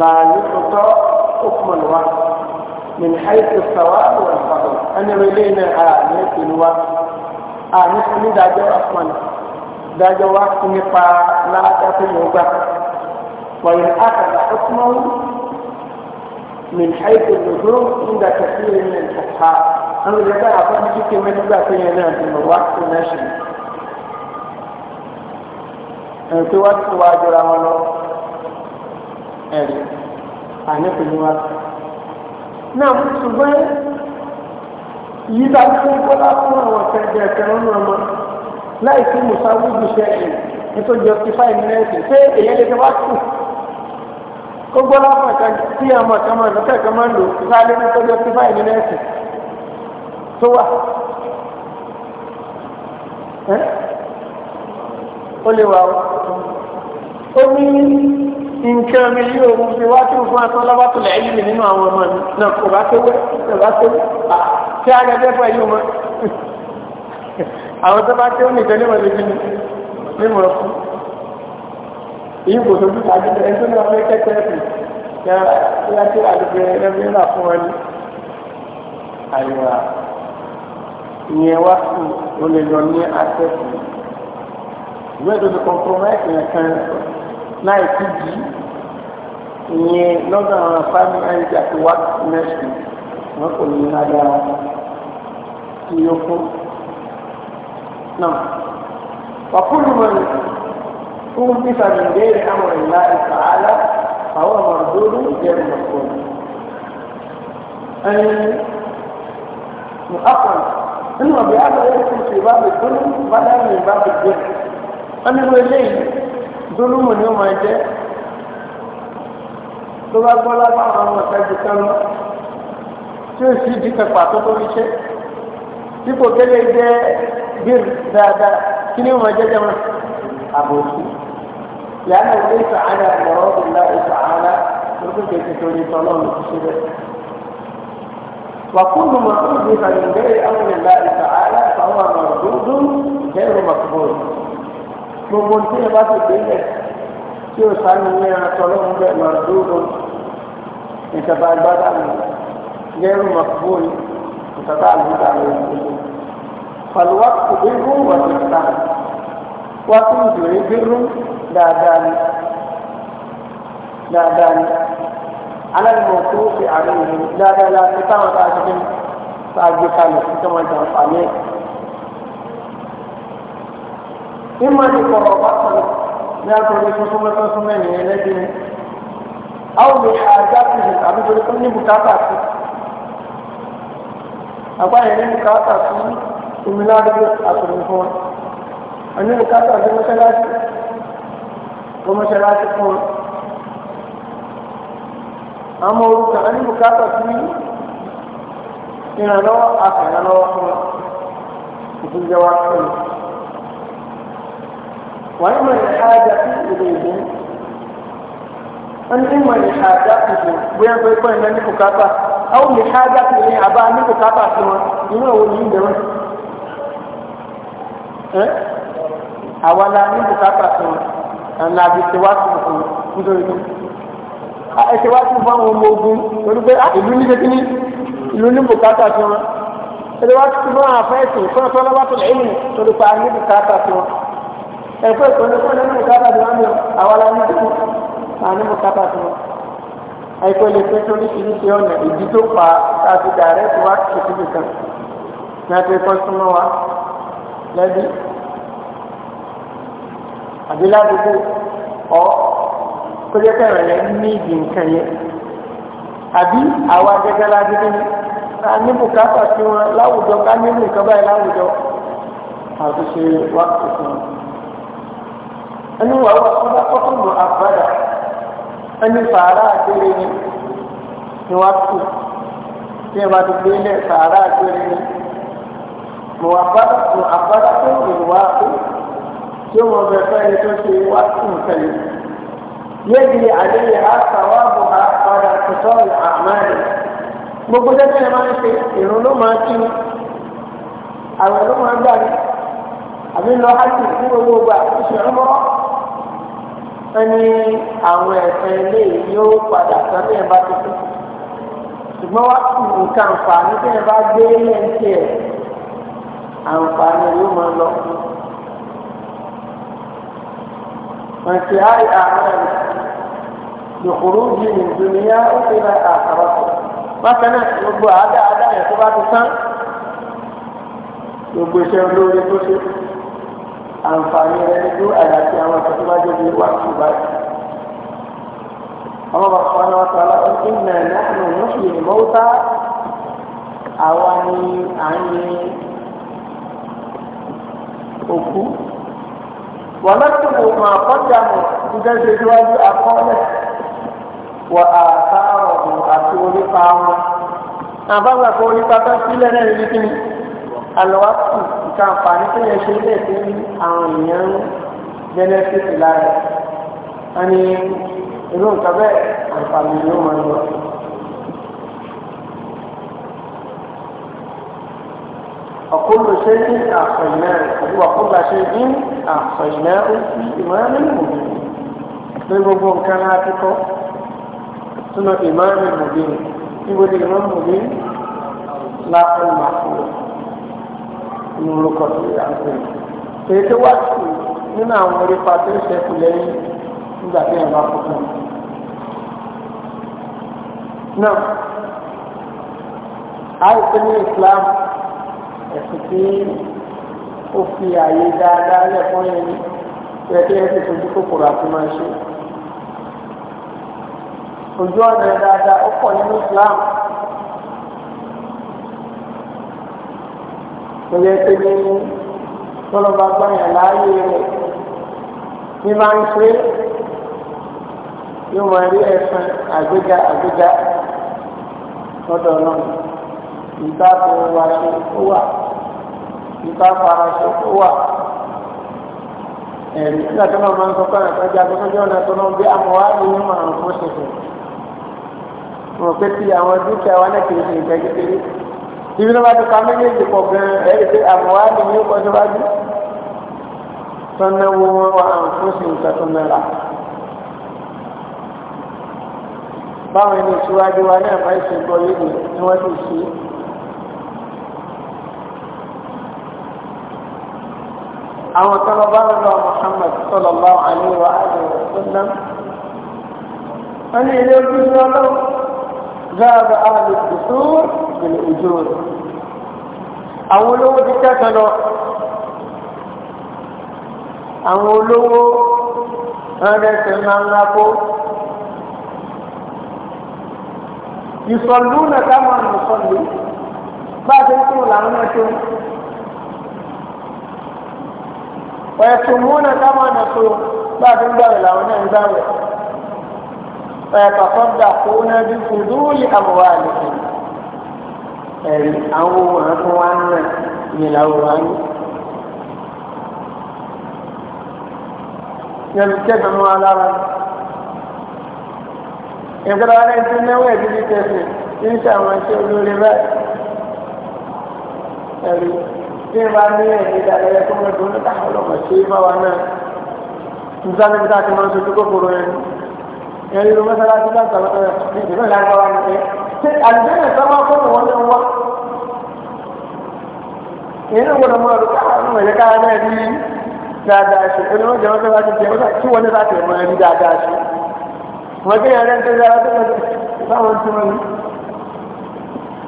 làyè tó tọ́. حكما واحد من حيث الثواب والفضل أنا ملينا آنية الوقت آنية من جو أصلا جو وقت نقا لا تفيوبة وإن أخذ حكمه من حيث اللزوم عند كثير من الفقهاء أنا لقد أفهم كيف من بقينا من الوقت نشري أنت وقت واجر أولو أنت àyẹ̀kùnrin wa náà ṣùgbọ́n yìí bá tún kọ́lá fún àwọn akẹ́kẹ́ ẹ̀kẹ́rọ́ náà mọ́ láì sí mùsàlù gbèsè ẹ̀ nítorí justify nẹ́ẹ̀sì ṣé èyàn lè fẹ́ wá kù kó gbọ́lá fún ẹ̀ka tí àwọn ọ̀kan máa lọ́kẹ́ ẹ̀ka máa lò sáré nítorí justify nẹ́ẹ̀sì tó wà ó lè wà ó ní nǹkan mi yóò mú fi wá tí mo fún asán lọ́wọ́ tó lẹ́yìn mi nínú àwọn ọmọ mi náà kò bá tó wẹ́ kò bá tó wẹ́ tí a gẹ́gẹ́ fún ẹ̀yìn ọmọ àwọn tó bá tó nìkan ní ìmọ̀lẹ́bí ni ní ìmọ̀ fún yìí kò tó dúpọ̀ àti ẹni tó ní wọn fẹ́ kẹ́kẹ́ yà yà tí àdúgbò ẹ̀rẹ́bí ńlá fún wọn ní àyíwá ìyẹn wá fún olè lọ ní asẹ́sì ìwé ìdòdò kọ̀ọ̀kan láì sí jì ìyẹn lọ́dọ̀ àwọn fáwọn àìjà tó wá mẹ́sì wọn kò ní agbára tí ó kún náà wàkúrú mọ́ni fún fífa nìgbèrè àwọn ìlà ìfàhálà àwọn ọmọ ìdúró jẹ́ mọ̀kọ́ ẹni mùkàkùn nínú ọ̀bẹ̀ àgbẹ̀ yẹn ti ṣe ìbábẹ̀ tó ní bá dáhùn ìbábẹ̀ jẹ́ wọn nínú eléyìí dúlùmù ni ó máa jẹ́ tó bá gbọ́ lábáwọn ọmọ ìtajú kan lọ tí ó sì di pẹ̀pà tó tó fi ṣe tí kò kélé jẹ́ bír dáadáa kí ni ó máa jẹ́ jẹ́mọ́ àbòsí yàrá ilé ìsàánà ìmọ̀ràn ìlà ìsàánà lókùn kejì torí tọ́lọ́ ló ti ṣe bẹ́ẹ̀. وكل ما أحدث من غير أمر الله تعالى فهو مردود غير مقبول gbogbo tí ẹ bá ti délẹ̀ tí o sáré ní ẹranko lọ́wọ́ bẹ́ẹ̀ lọ dúró ìjọba agbádá mi gẹ́rù mọ̀kúbóyì ìjọba àlùdà mi ìdílé. Fàlùwà kò dé rú wà ní ìta. Wá kú ìdòrí bí rú dáadáa ni. Dáadáa ni. Alẹ́nìmọ̀ tó fi àárín ìlú dáadáa láti táwọn tá ti fi tá a gbé kalẹ̀ sí tọ́mọ̀jà ẹ̀. ìmọ̀ ní kọ̀rọ̀ bá tẹ̀lé ní àtọ̀lé tuntun mẹ́tọ́ tún mẹ́rin yẹn lẹ́gbẹ̀ẹ́ yẹn. àwọn lè àjá ti lè tàbí torí pé ní bùkátà sí. àgbà yẹn ní bùkátà sí ìmìlá àdúgbò àtọ̀lé fún wọn. àní bùkátà sí mọ́ṣáláṣí tó mọ́ṣáláṣí fún wọn. àmọ́ orúkọ àní bùkátà sí ìrànlọ́wọ́ àfẹ̀rànlọ́wọ́ fún wọn. ìdíjẹ́ wa pẹ̀lú. وإما الحاجة إليهم أن إما لحاجاتهم بين بين بين من بكاتا أو لحاجة إليهم أبا من بكاتا سوى إنه هو اللي يدرون أولا من بكاتا سوى أن لا بيتواصل سوى nítorí tó ẹsẹ̀ wá tún fáwọn ọmọ ogun pẹ̀lú pé ìlú ní ṣe kíní ìlú ní bùkátà sí wọn ẹsẹ̀ wá tún fáwọn afẹ́sìn fún ọ̀tọ́ lọ́wọ́ tó lẹ́yìn tó lè pa ní bùkátà sí wọn ẹ̀fọ́ ìkọ́ni fún ẹni mọ̀kápá tí wọ́n lọ àwọn aláwọ̀ náà kú àní mọ̀kápá tí wọ́n. àìkọ́ ilé pé tó oríṣiríṣi ọ̀nà ìdí tó pa àti dàrẹ́tì wá kìkìkì kan ní àti ẹ̀kọ́ súnmọ́ wa lẹ́bí àbí ládùúgbò ọ́ kó jẹ́ kẹ́rọ̀ ní ìdí nǹkan yẹn àbí àwọn agẹ́gẹ́ ládùúgbò ni a ní bùkátà sí wọn láwùjọ ká ní nǹkan báyìí láwùjọ àtúnṣe wákìtì fún wọn ẹni wà wà kọ́dá kọ́tọ́ mọ̀ àbádà ẹni sàárà àgbèrè ni ni wà kú tí ẹ bá ti gbé lẹ̀ sàárà àgbèrè ni mọ̀ àbádà mọ̀ àbádà tó ń rìn wá kú tí ó mọ̀ bẹ̀ fẹ́ ẹni tó ṣe wá kú tẹ̀lé yéèdì àdéhìí àṣà wà bọ̀ àbádà tuntun àmàlẹ̀ gbogbo tẹ́tẹ́ ẹ máa ń ṣe ìrún ló máa kí ni àwọn ló máa gbà ní àbí lọ hajj ní gbogbo gbà ìṣẹ̀rọ̀ mọ́ wọ́n ní àwọn ẹ̀sẹ̀ ilé yóò padà sọ bí ẹ̀ bá ti kú ṣùgbọ́n wá kù nǹkan àǹfààní bí ẹ̀ bá gbé lẹ́ǹtì ẹ̀ àǹfààní yóò máa lọ. wọ́n ti àyè àwọn ẹ̀ lòkòrò bíi nìdúnìyá ó ti ra àkàrà bákan náà gbogbo àádáa àádáa yẹn tó bá ti sán gbogbo iṣẹ́ olóore tó ṣe àǹfààní rẹ̀ ní tó àyàfi àwọn ìtọ́síwájú bíi wà sí báyìí. àwọn bàbá wọn wá sọlá ó ti nà náà nù mùsùlùmí mọ́tà àwa ni à ń yin òkú. wọ́n lọ́tò mọ̀ máa kọjá mọ̀ ìdẹ́sẹ̀ síwájú akọ́lẹ̀ wọ àtàrọ̀ mọ̀ àti onípa wọn. àbáwọ̀ àkọ́ onípa tó sílẹ̀ náà ní kíni àlọ́ wá kù nǹkan àǹfààní tó yẹ ṣe lè fi àwọn èèyàn bẹ́nẹ́fìtì lára wọn ni irú nǹkan bẹ́ẹ̀ àǹfààní yóò máa lọ. وكل شيء أحصيناه وكل شيء أحصيناه في إمام مبين ní gbogbo nǹkan láti kọ́ sínú ìmáàmù mùbí níbo ni ìmáàmù mùbí láàrín màkúrò ní orúkọ tó yà ń pè é ètò wá sí nínú àwọn eré pàtó ìṣẹ́kù lẹ́yìn nígbà tí ẹ̀ bá fọ́tún. náà àìsí ní Islam ẹ̀sìn tí ó fi àyè dáadáa lẹ́kọ́ yẹn ní ẹ̀kẹ́ ẹ̀sìn fojú kòkòrò àti máa ṣe. ojú ọ̀nà dáadáa ó pọ̀ nínú Islam. tó yẹ pé ní tọ́lọ́ba gbọ́yàn láàyè rẹ̀ ní máa ń ṣe yóò máa rí ẹ̀sán àgbéga àgbéga lọ́dọ̀ náà ìta fún wa ṣe ó wà ìta fara ṣe ó wà ẹ̀rí nígbà tó náà máa ń sọ pé àgbẹ̀ jẹ́ agbẹ́kọ̀jọ́ ọ̀nà tó náà bí amọ̀wá ni wọ́n máa ń fún ṣẹ̀ṣẹ̀ rò pé tí àwọn dúkìá wa náà kì í ṣe ìgbẹ́ kékeré ibi náà bá ti ka méjèèjì pọ̀ gan-an ẹ̀rí pé àmúwádì ní ó kọjú wájú tọ́nà wo wọn wà á fún sí nǹkan tó mẹ́ra. báwọn ẹni ìṣíwájú wa ní àmọ́ ìṣègbọ́ yìí ni wọ́n ti ṣe é. àwọn tó lọ bá ń lọ sọlọ bá wà ní wàhálà ìṣúná. wọ́n ní ilé ojú ní ọlọ́run. ذهب أهل الدثور بالأجور àwọn olówó ti kẹ́kọ̀ọ́ lọ àwọn olówó ẹ̀rẹ́sẹ̀ máa ń lápó ìsọ̀lú náà táwọn àmọ̀sọ̀lú bá a ti ń làwọn náà tó ẹ̀sùn mú náà táwọn bá a ti ń làwọn náà فيتصدقون بفضول أموالهم أو أموال من الأول يمتنع على رب يقرأ على السنة ويجب التسليم إن شاء الله شغل لباس كيف أني إذا لا يكون دون تحول مصيبة وأنا إنسان بتاعك ما سوتك قرآن ẹ̀rí ló mọ́sálásí láti àwọn ọ̀rẹ́ ìdìbò lágbára ní pé ṣé àlùjẹ́nà sábà fún wọn ló ń wá. èyí ló gbọdọ̀ mọ ọdún káàánú ẹ̀yẹ káà náà rí dáadáa ṣe onímọ̀ jẹ́ mọ́sálásí jẹ́ mọ́sálásí tí wọ́n ní láti ẹ̀mọ́ rí dáadáa ṣe. wọ́n gbé yẹn lẹ́nu tó yára tó lọ sí báwọn tí wọ́n ní.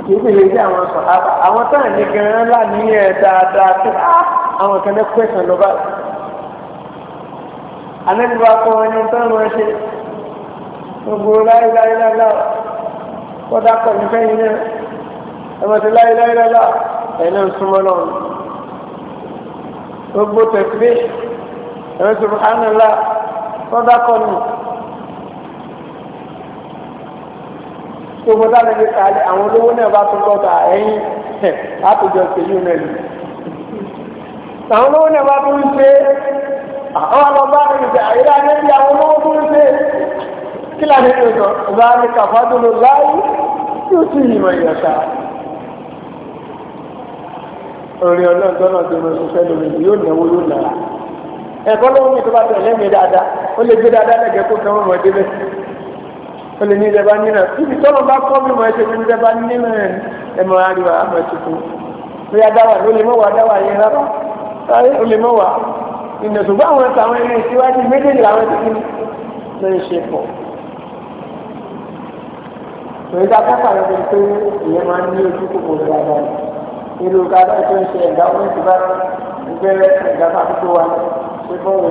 kì í bèèrè sí àwọn sọ̀ àwọn táà ní gan-an láníyàn dáadáa tó àwọn kan lẹ́kọ̀ọ́ ẹ̀sán lọ́ gbogbo láìláìláìlá kọ́dá pẹ̀lú fẹ́yìn náà ẹ̀mọ̀tí láìláìláìlá ẹ̀nà ìsúnmọ́ náà gbogbo tẹ̀sílẹ̀ ẹ̀rọ subhanallah kọ́dá pẹ̀lú gbogbo dáná ní kàlẹ́ àwọn olówó náà bá tún gbọ́dọ̀ ẹ̀yìn látòjọ ìṣèlú náà lù àwọn olówó náà bá tún ń ṣe àwọn ọlọ́ba àti ìṣe àyíká ní ti àwọn olówó tún ń ṣe kí láti ṣe sọ láàrin kàfádùnú láàyè tí ó sì yìnbọn ìyàtà orí ọlọ́ọ̀dọ́ náà tó lọ ṣiṣẹ́ lórí yóò náwó yóò nára ẹ̀kọ́ lóhun mi tó bá tẹ̀lé mi dáadáa ó lè gbé dáadáa lẹ́gẹ̀ẹ́ kó kàn wọ́n mọ̀ débẹ̀ ó lè ní ìjẹba nínà ibi tọ́lọ̀ bá kọ́ mi mọ̀ ẹ́ ṣe ní ìjẹba nínà ẹ̀mọ̀ àríwá àmọ̀ tuntun bí adáwà ló lè mọ̀ wá adáwà yẹn rárá sáré ó lè mọ̀ wá ìnà ṣùgbọ́n àwọn ẹ̀ka àwọn ẹ̀rìn ìṣíwájú méjèèjì làwọn ti fi ń tòun ta kápá ló ti pé ìyẹn máa ń ní ojú kòkòrò dáadáa irú kaba tó ń ṣe ẹ̀dá wọn ti bá gbé ẹ̀dá fàkókò wa ṣe bọ́ọ̀lù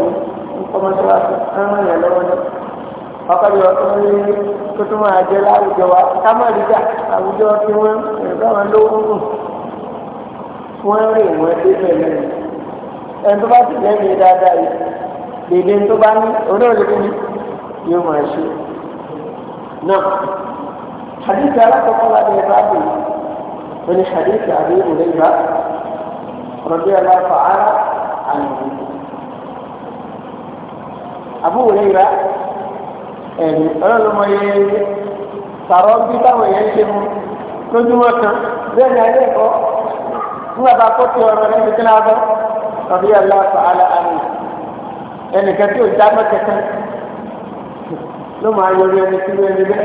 ní kọ́mọ́tòwáṣí ẹ̀rọ yẹn lọ́wọ́ ní. ọkọ̀dé ọ̀tún ní tuntun máa jẹ́ láwùjọ wa kámọ́rìjà àwùjọ tí wọ́n ẹ̀dá wọn lówó ń wọ́n rè wọ́n dé bẹ̀rẹ̀ rẹ̀. ẹni tó bá ti lẹ́yìn dáadáa yìí dèdè tó bá ní oníwèlé kí ni yóò máa ṣe náà. حديث لك قال ابي بعد من حديث ابي هريره رضي الله تعالى عنه ابو هريره ان قال ما يجي ترى بيتا ويجي كل وقت بين عليك هو ذا قطي ورغم بكلابه رضي الله تعالى عنه ان كتير جامعة كتير لما يجي يجي يجي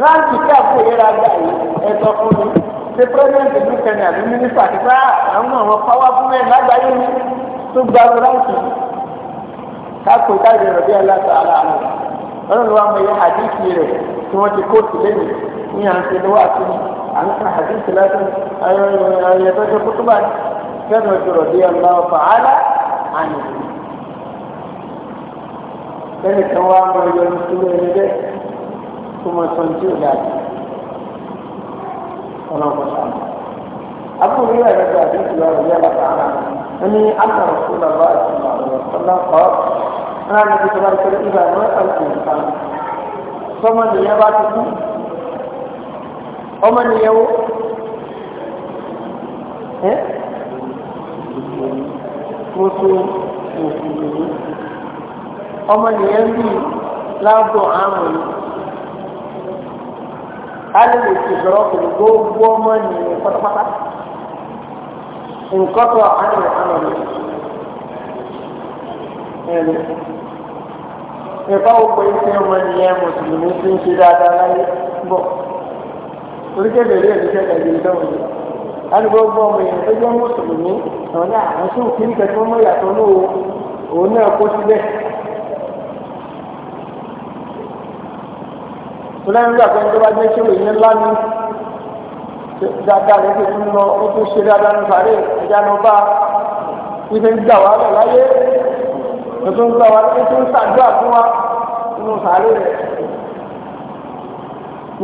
ráǹtì tí àpò ìlera gbà yìí ẹ̀tọ́ fún mi ṣe pírẹ́sidẹ́ntì ìlú kẹ́nyà ní mínísítà ti fẹ́ àwọn àwọn pàwọ́ fún mi lágbàáyé mi tó gba ráǹtì káàkó ìdájọ́ rẹ̀ bí aláta ara rẹ̀ ọlọ́run wa mọ iye àdìsí rẹ̀ tí wọ́n ti kóòtù lẹ́yìn ní à ń ṣe lọ́wọ́ àti àmì àdìsí lásán ayẹyẹtọ́jọ́ kótóbá fẹ́ràn ìṣòro bí ọ̀la ọ̀fà àlá àná. lẹ́yìn tí wọ́n á mọ ìyọnu sílẹ̀ ẹni bẹ́ẹ̀ kó mọ sọ ní tí ò dáa ọlọ́run sọ. àbúrò yóò rẹ̀ gba àbí ìlú ọ̀rọ̀ yóò bàtà ara wọn ni àgbà ọ̀sùn làbá àti ìlú ọ̀sọ́lá kọ́ ọ́n á níbi tó bá tẹ̀lé ìgbà náà ọ̀sùn nìkan. sọmọ nìyẹn bá ti kú ọmọ nìyẹn wo mùsùlùmí bíi láàbò àmọ̀ yìí alẹ́ ìṣòro kò gbogbo ọmọ nìyẹn pátápátá nǹkan tó àwọn àna mi ẹ̀rọ nǹkan ó pè é sí ọmọ nìyẹn mùsùlùmí tí ń ṣe dáadáa láyé bọ̀ oríkèdè rí ẹ̀dí kẹta ìdí ìdáhùn yìí alẹ́ gbogbo ọmọ yẹn tó jẹ́ mùsùlùmí àwọn àwọn tó kiri kẹtí wọn mọ ìyàtọ̀ náà òun náà kó síbẹ̀. fúlẹ́ńdì àgbẹ̀ni tó bá jẹ́ ṣé òye ńlá ni dáadáa rẹ̀ ti tún lọ ó tún ṣe dáadáa ní sàárè ìjánu bá ife ń gbà wá lọ láyé tuntun gbà wá lọ tún ṣàdúrà fún wa nínú sàárè rẹ̀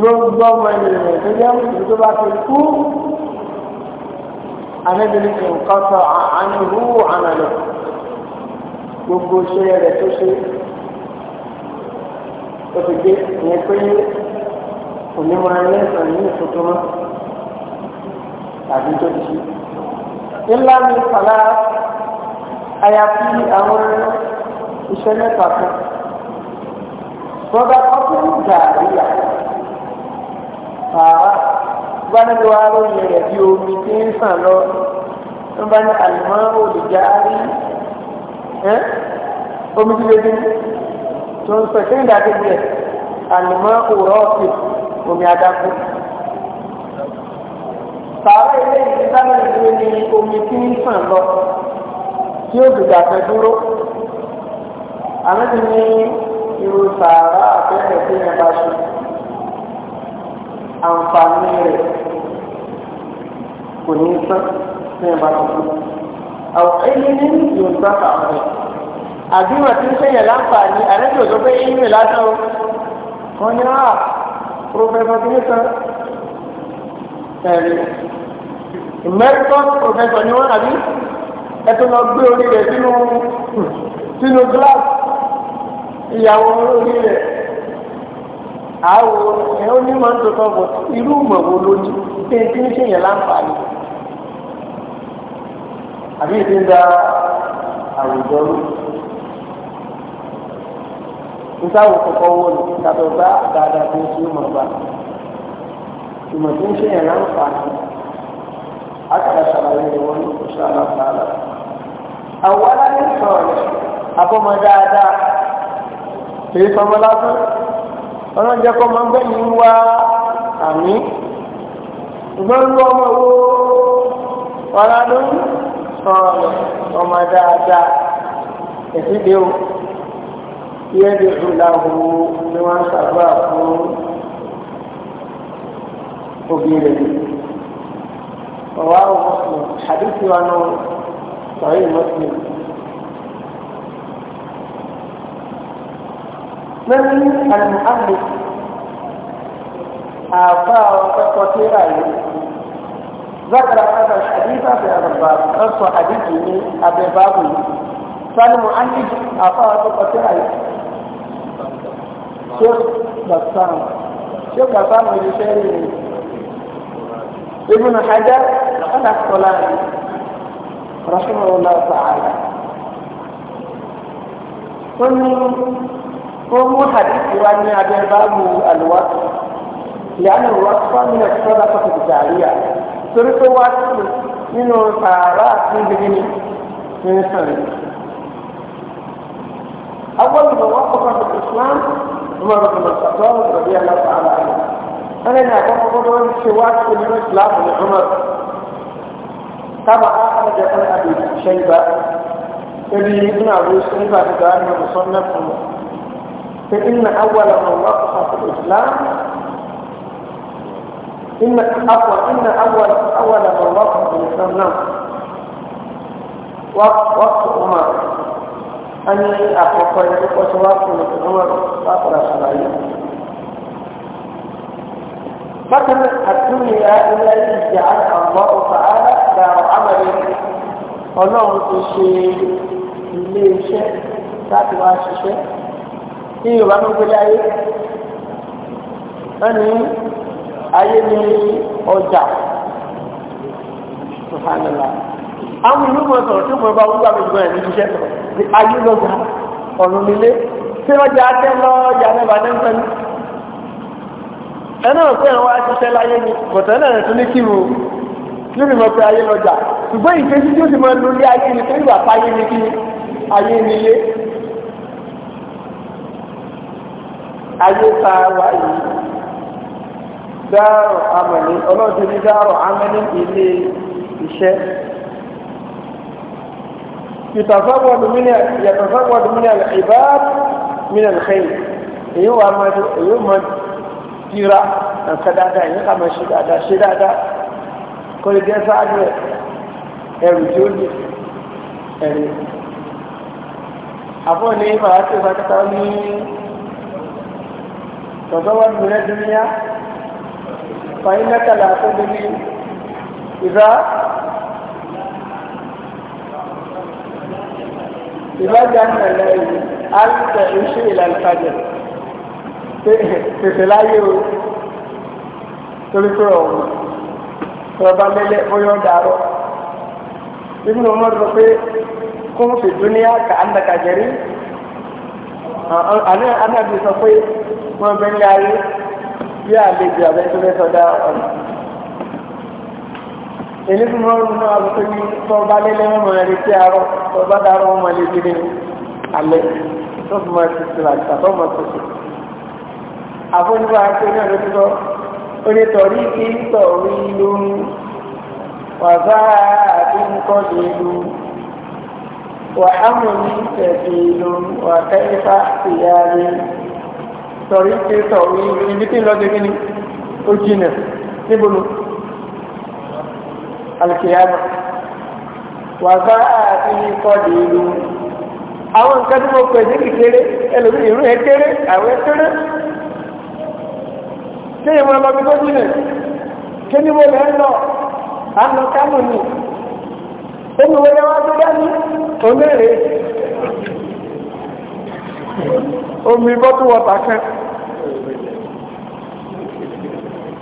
ló ń gbọ́ ọmọ ènìyàn tó yẹ mùsùlùmí tó bá ti kú anábìrin kì ń kọ́ sọ àánú rú ànàlọ́ gbogbo ṣe rẹ̀ tó ṣe ó ti dé ìyẹn pé òní máa lẹ́sàn-án ní ìtòtò náà tàbí tó ti ṣe. ńlá mi fàlà àyàfi àwọn iṣẹ́ mẹ́ta kan. bọ́dà ọkùnrin gàríyà fàárà gbanilọ aróyìn rẹ̀ bí omi tí ń sàn lọ ń bá ní àlùmọ́ òdìjà rí omi tí lè dín tó ń sọ ìṣẹ́yìn dákẹ́ díẹ̀ àlùmọ́ òrò ọ̀sì omi adágún. Sàárà ilé yìí sábà dúró ní omi tí ń sàn lọ tí ó dùgbà fẹ́ dúró. Àmì ti ní irú sàárà àbẹ́rẹ́ tí yẹn bá ṣe àǹfààní rẹ̀ kò ní sán tí yẹn bá ṣe. Àwọn ẹni ní ìyóò sábà àdúrà tí ń sẹ́yìn láǹfààní àrẹ́jọ́ tó fẹ́ yín rìn lásán o wọ́n ní à ah, professor kìnìkan ẹ̀rí mẹ́tọ́ professor ni wọ́n àbí ẹ tó lọ gbé orí rẹ̀ sínú sínú glass ìyàwó orí rẹ̀ àwọ̀ ẹ̀ ó ní máa ń tó tọ́ bọ̀ irú mọ̀wó ló ní pé kí ń sẹ́yìn láǹfààní àbí ìdí ń da àwùjọ rú nítawọ̀ kọ̀kọ́ wọ̀ ní kàtó bá dáadáa tó ń ṣe mọ̀ bá ìmọ̀ tó ń ṣe yẹn láǹfààní akàrà ṣàlàyé rẹ̀ wọ́n ní oṣù aláǹfààní. àwọn aláǹfààní sọ̀rọ̀ abọ́mọ dáadáa kìí sọmọ lásán ọlọ́njẹ́ kọ́ máa ń bẹ́ yìí wá àmì ìgbọ́n lu ọmọ owó ọ̀rá lóyún sọ̀rọ̀ ọmọ dáadáa èsì dé o yẹ́dì ìlàwó ni wọ́n ṣàbá fún obìnrin ọ̀wá Muslim àdìsí wa náà sọ̀rọ̀ Muslim. lẹ́yìn àlùmọ́àlù àbá àwọn akẹ́kọ̀ọ́ tí ó rà yìí ذكر هذا الحديث في هذا الباب نص حديثه أبي sani mu an yi àfáà tó kọ síra yìí ṣé gbàsán ṣé gbàsán mi ní sẹ́yìn rẹ̀ ibùn hajar ọ̀nà kọlá rẹ̀ rahimahullah ta'ala wọ́n ní wọ́n mú hadithi wa ní abẹ́ báàbù alwaqf lẹ́yìn alwaqf wa ní ẹ̀sọ́ lápá tó jàríà torí pé wá sí nínú sàárà àti ìgbéni ní sàn yìí. أول من وقف في الإسلام عمر بن الخطاب رضي الله تعالى عنه أنا لا نعتبر من سواك من الإسلام من عمر كما أخرج عن أبي شيبة الذي ابن أبي شيبة قال مصنف فإن أول من وقف في الإسلام إن أول إن أول أول من وقف في الإسلام نعم وقف عمر wọ́n ní àkọ́kọ́ ẹni tó kọ́sọ́ wá fún ìlú ọmọ wá padà ṣàlàyé. bákan àtúnyẹ ilé ìjà àwọn ọ̀fà ara gba àmàlẹ́ ọlọ́run ti ṣe ilé iṣẹ́ láti wá ṣiṣẹ́ ní yorùbá ló gbélé ayé wọ́n ayé ní ọjà subhanallah àwọn ìlú mọ̀ sọ̀rọ̀ tí mo bá wú àmì ìgbà ẹ̀mí ṣiṣẹ́ sọ̀rọ̀ ayé lọ́jà ọ̀run nílé tí ọjà tẹ́ lọ́jà mẹ́ba nẹ́ńtẹ́ ní. ẹnà òfin àwọn aṣiṣẹ́ láyé ni bọ̀tẹ́ náà tún ní kírun o kí ni mo pe ayé lọ́jà ṣùgbọ́n ìfẹ́sí tí ó sì máa ń lórí ayé ni pé ìwà páyé ni kí ayé nílé. ayé ta wá yìí dáàrọ̀ amẹ̀lẹ́ ọlọ́ọ̀dún ní dáàrọ̀ amẹ́lẹ́ ilé iṣẹ́ يتزود من يتزود من العباد من الخير يو إيوه إيوه ما يو ما تيرا كذا كذا يو ما شدا كذا شدا كذا كل جزء هذا الوجود يعني أبو نيفا تفكرني تزود من الدنيا فإنك لا تدري إذا ìbájá náà lẹ́yìn àìsàn iṣẹ́ ìlànà ìfàjẹ́ tètè láyé o torí pé ọ̀hún ìjọba mẹ́lẹ́ bóyá ọ̀dàrọ̀ ibi ni wọ́n rọ pé kó ń fi dúníyà ka àndàkà jẹ́rí àná àbí sọ pé wọ́n bẹ́ẹ̀ ní ayé bí àlejò àbẹ́tẹ́lẹ́sọ̀dá ọ̀nà èyí fún mọ́rún náà àbúkọ́ ní tọ́ba lélẹ́ wọn máa retí arọ tọ́ba dárọ wọn máa retí ní alẹ́ tó fi máa ti sùn àti àtọ́ máa tó sùn. àfọ́nùbà àti oní ọ̀rẹ́ tó sọ onítọ̀rí kí ń tọ̀rí lóhun wàzá àti nǹkan lè lu wàhámù ní tẹ̀sí lóhun wàkẹ́yẹ́fà ìyá rẹ̀ tọ̀rí kí ń tọ̀rí ibi ń lọ́ọ́ dé kí ni ó jìnà níbo alkiyama wàbá àti kọ́ọ̀dì ìlú àwọn nǹkan tí mo pè ní kékeré ẹlòmí ìrú ẹ kéré àwọn kéré tí ìmọ̀ ọlọ́bí tó jìnà kí ni mo lè ń lọ à ń lọ kánò ní omi wo yẹ wá tó dání omere omi bọ́tù wọ́tà kan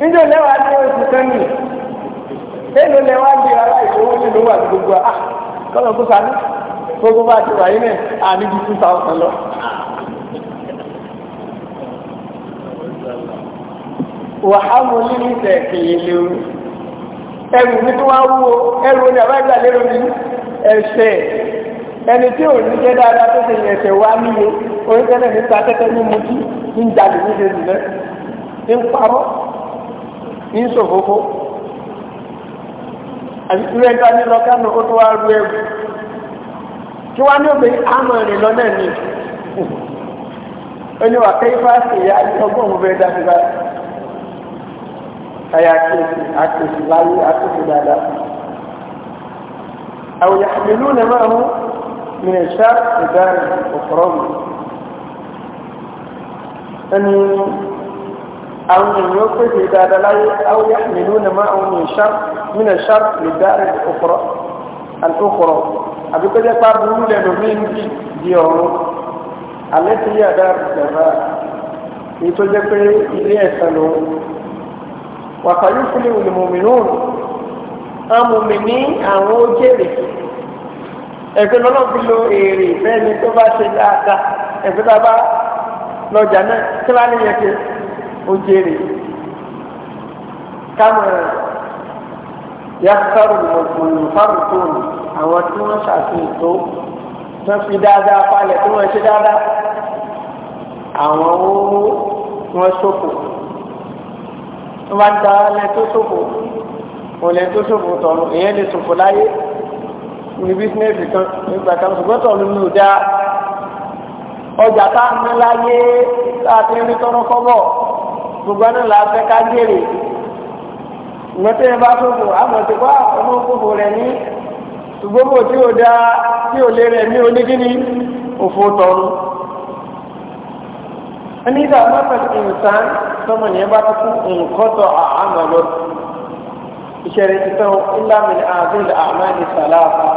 níjọ́ lẹ́wàá ní oṣù kan nìyí. èlò lẹ wá ala ara ìṣòwò nínú wà ní gbogbo à ah, kọ́lọ̀ kó gbogbo bá ti wà yín náà àní ju two thousand lọ. wàhámù nínú o ẹrù mi tó wá wúwo ẹrù ni àbájá lérò mi ẹni tí ò ní jẹ́ dáadáa tó ti yẹ wá níye oníkẹ́lẹ́ ta tẹ́tẹ́ ní mutí jalè ní àtìkúrẹ́ ẹ̀ka ní lọ kánò ó tó wá rú ẹrù kí wá ní òbí àmọ̀ rìn lọ náà ni ó ní wà kẹ́ ifá sí ìyá ọgbọ́n òun fẹ́ dá síbá àyà àkèsì àkèsì láyé àkèsì dáadáa àwòyà ìlú nà máa mú mìíràn ṣáà ìdáàrin ọ̀pọ̀rọ̀ mi ẹni àwọn èèyàn ó pèsè dáadáa láyé áwòyá nínú ní máa àwọn èèyàn ṣáp nínú ṣáp lè dáre òkúrọ àtòkúrọ àbí pé jẹ́pá burú lẹ́nu mí ń bì di ọ̀run alẹ́ ti yà dáre ìjọba èyí tó jẹ́ pé ilé ẹ̀sán ló wàfàyè fúlẹ̀ olùmọ̀mìnún amòmìnì àwọn ó jèrè ẹgbẹ́ fi lo èrè bẹ́ẹ̀ ni tó bá ṣe dáadáa ẹgbẹ́ tá a bá lọ́jà náà tí wàá níyẹn ṣe ó jèrè kámẹ́ yàtọ̀rù mọ̀tòrò fáwùtòrò àwọn tí wọ́n ṣàfihàn tó wọ́n fi dáadáa palẹ̀ tí wọ́n ṣe dáadáa àwọn owó wọn ṣòfò wọ́n bá ń ta alẹ́ tó ṣòfò olè tó ṣòfò tọ̀nù èyàn lè ṣòfò láyé ní bísínẹ́sì kan nígbà kan ṣùgbọ́n tọ̀nù ní ò ọjà tá a ní láyé tá a ti rí tọ́rọ́ kọ́bọ̀ gbogbo náà la fẹ́ ká gbèrè ìmọ̀tẹ́ yẹn bá fòfò àmọ̀ tí wá ọmọ fòfò rẹ̀ ní ṣùgbọ́n mo tí ò da tí ò lè rẹ̀ ní onígíní òfò tọ̀run. ẹni ìgbà mọ́tò ìsán tọmọ yẹn bá tún nkọ́tọ̀ àmọ̀ lọ ìṣẹ̀lẹ̀ ti tán ìlànà àbúrò àmàlì sàlàfà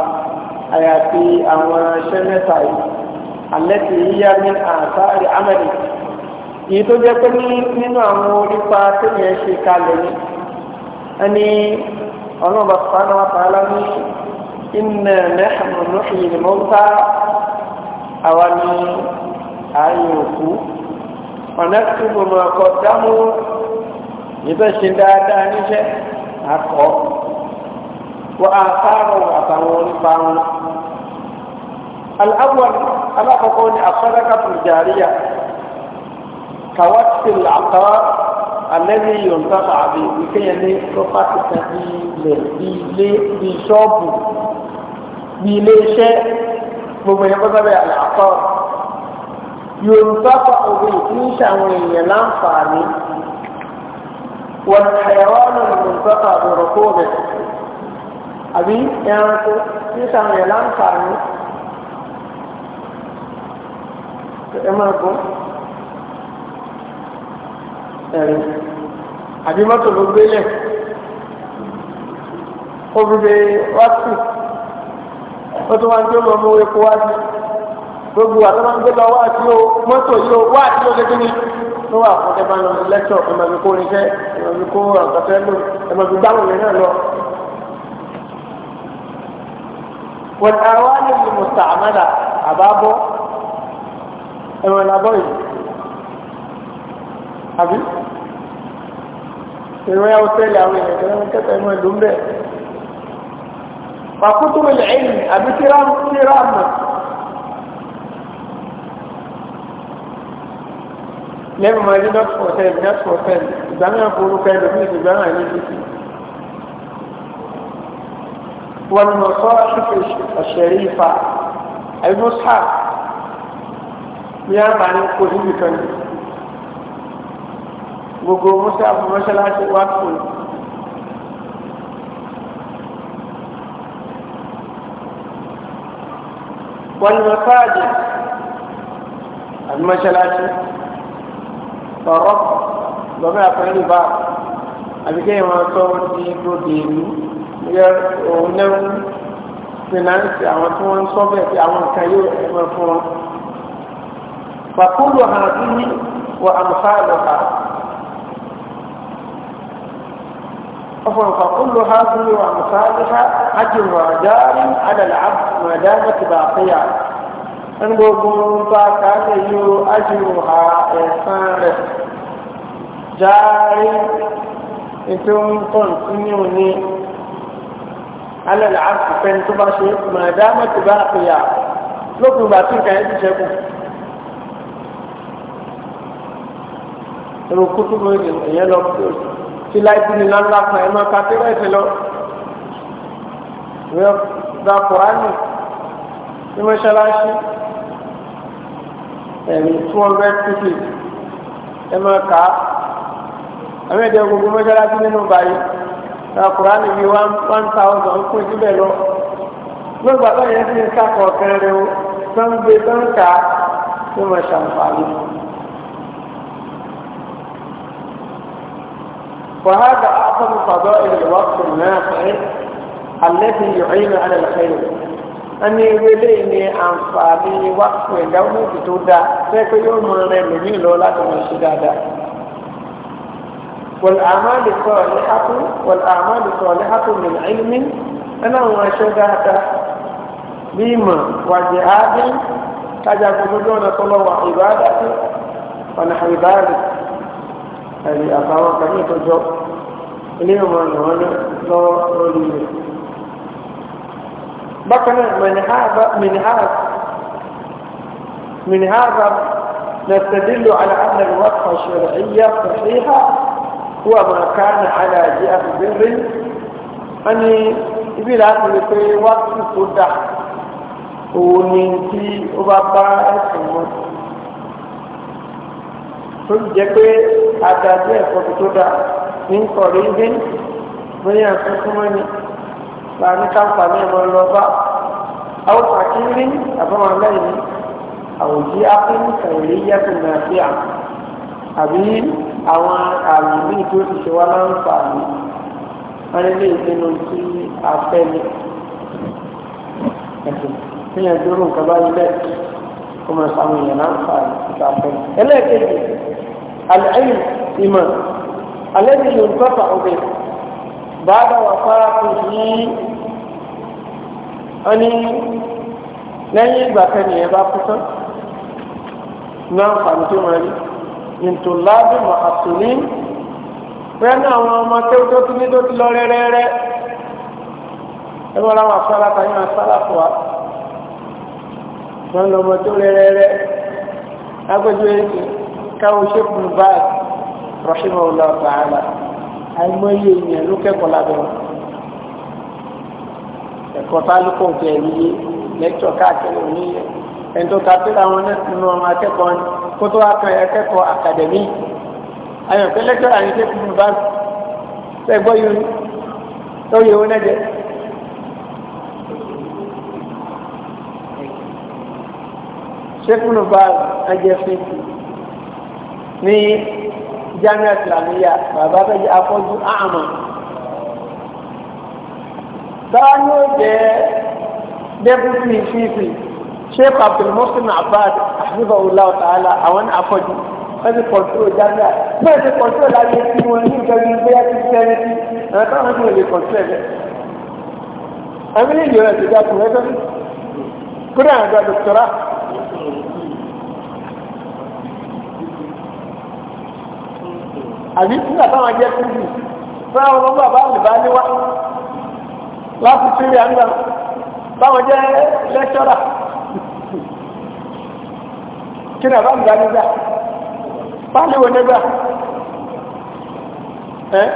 àyàfi àwọn ṣẹ́mẹ́ta yìí alẹ́ ti yíyá ní àtàrí àmàlì èyí tó jẹ́ pé ní nínú àwọn orípa tó yẹn ṣe kalẹ̀ ni ẹni ọlọ́ọ̀bà sùpánà wà tààlà ní inna nahnu nuhyi al-mawta àwa ni ààyè òkú ọ̀nà tó gbọmọ ọkọ̀ dámú ìbẹ̀ ṣe dáadáa níṣẹ́ akọ wa àtàrà àtàwọn orípa wọn. al-awwal alákọ̀ọ́kọ́ ni as-sadaqatu كوقت العقار الذي ينتفع به لكي يعني صفة تبيلة بشوب بليشة بما يبدأ به العقار ينتفع به إنشاء من ينفعني والحيوان المنتفع بركوبه أبي يانكو إنشاء من ينفعني كما يقول ẹ̀rẹ́ àbí mọ́tò ló gbélẹ̀ obìnrin wákì ó tún wáá ń gbé lọ mú epo wájú gbogbo àtọ́nà ń gbé lọ wá àti mọ́tò yìí o wá o lóde kíni ló wà fún ẹ máa ń lọ sí lẹ́tọ̀ ẹ máa fi kó irinṣẹ́ ẹ máa fi kó àgbàfẹ́ lò ẹ máa fi gbáwò yẹn náà lọ. wọ́n ti àwọn àlè ní mùsà àmàlà àbábọ́ ẹ̀wọ̀n làbọ̀ yìí àbí. رواية وثالة أولا كلام كتا يمون الدنباء فكتب العلم أبي كرام كرام لما ما يجب نفس وثالة نفس وثالة دعنا نقول كيف يجب دعنا يجب والمصاحف الشريفة المصحف يا معنى قلوبك المصحف gbogbo mọ́ṣáláṣí mọ́ṣáláṣí wá kù. wọ́n ní mọ́ṣáláṣí àti mọ́ṣáláṣí ọ̀rọ̀ lọ́mọ àpẹẹrẹ bá àbí kéèyàn máa sọ wọn di lóde ìlú yẹ òun náà fìnánsì àwọn tí wọ́n ń sọ bẹ́ẹ̀ tí àwọn nǹkan yóò ẹ̀mọ́ fún wọn. wàkúrò hàn bí wọ́n àmúfáà lọ́ka. فكل هذه وامثالها اجر واجار على العبد ما دامت باقيه ẹni gbogbo ń bá káàkiri yóò ájúrò ha ẹ̀sán rẹ̀ járe ètò ń kàn sínú ní alẹ́lẹ́ àkùfẹ́ tó bá ṣe màdá mẹ́tò tí láìpẹ́ ní lánlá kan ẹ̀ máa ka tí wọ́n ti lọ. wíwọ́n gba kùránì ní mọ́ṣáláṣí ẹ̀rí two hundred fifty ẹ̀ máa kà á. àmì ẹ̀dẹ̀ gbogbo mọ́ṣáláṣí nínú báyìí gba kùránì bíi one thousand ń pín síbẹ̀ lọ. gbogbo àbáyé ti ń sàkọ̀ọ̀kan rẹ̀ o sọ́ńgbé sọ́ńkà ló máa وهذا أعظم فضائل الوقت النافع الذي يعين على الخير أني وليني أنصاري وقت من دوم بتودا سيكو يوم من لولا من الشدادة والأعمال الصالحة والأعمال الصالحة من علم أنا ما شدادة بما وجهاد كذا كذا كذا كذا كذا ونحو ذلك ẹ̀rì àtàwọn kan ní ìtọ́jọ́ من هذا نستدل على أن الوقف الشرعية صحيحة هو ما كان على جهة بر أن يبيل أقول في وقف صدح ونينتي وبابا أسمه tó jẹ́ pé adájọ́ ẹ̀kọ́ tó dá ní kọ̀rí ń dín bóyá nǹkan tó mọ́ ni láàrin káfà ní ẹ̀mọ́ lọ bá àwọn pàkírí àbáwọn lẹ́yìn àwòjí áfíríkà ìlú yẹ́kùn náà fi hàn àbí àwọn àmì míì tó ti ṣe wá láǹfààní wọn lè pinnu sí afẹ́ni ẹ̀sìn fíyàn dúró nǹkan báyìí bẹ́ẹ̀ kó máa fa àwọn èèyàn láǹfààní ìta fẹ́. ẹlẹ́ẹ̀kejì àlẹ́yìn ìmọ̀ alẹ́bí yorùbá ọbẹ̀ bàbá wà fara kù sí ọní lẹ́yìn ìgbà kẹ́ni ẹ̀ bá kú tán ní àǹfààní tó máa rí nìtòlábì mọ̀ àtúní bẹ́ẹ̀ ni àwọn ọmọ tó tó ti ní tó ti lọ rẹ́rẹ́rẹ́ ẹ wọ́n láwọn afárá kan yóò sára fún wa wọn lọmọ tó rẹrẹrẹ agbẹjọ ẹkẹ káwọn ṣẹkùn bá rọṣìmọ ọlọ àbáàlà àìmọye èèyàn ló kẹ́kọ̀ọ́ lábẹ́ wọn ẹ̀kọ́ tálùkọ jẹ níye lẹtọ káàkiri oníyẹ ẹnitó kápẹ́lá wọn nínú ọmọ akẹ́kọ̀ọ́ ni kótó akàn akẹ́kọ̀ọ́ akadẹmí àyànfẹ́ lẹ́kọ̀ọ́ àyànfẹ́ kùn bá sẹ́gbọ́ yìí lóye wọn náà jẹ́ ṣékùnù bá ẹjẹ fífi ní jamiu islamiyya bàbá bẹ́ẹ̀ jẹ́ afọ́jú àmà báwa ni ó jẹ́ dẹ́bùtì fífi sheikh abdulmusin abbas ahibahullah ta'ala àwọn afọ́jú wọ́n ti kọ̀ntró jamiu bẹ́ẹ̀ ti kọ̀ntró láyé tí wọ́n ní ìjọba ìgbéyà ti sẹ́yìn tí ẹ̀rọ táwọn ti lè kọ̀ntró ẹ̀ bẹ́ẹ̀ ẹ̀mí ní ìlú rẹ̀ ti dá kúrẹ́tọ́ àgbà dọ̀tọ́rà. àbí nígbà táwọn jẹ́ kúrú fún àwọn ọmọ bàbá àlùbá níwá láti sírí àgbà táwọn jẹ́ lẹ́kṣọ́rà kí ni àbá àlùbá nígbà pálíwò nígbà ẹ́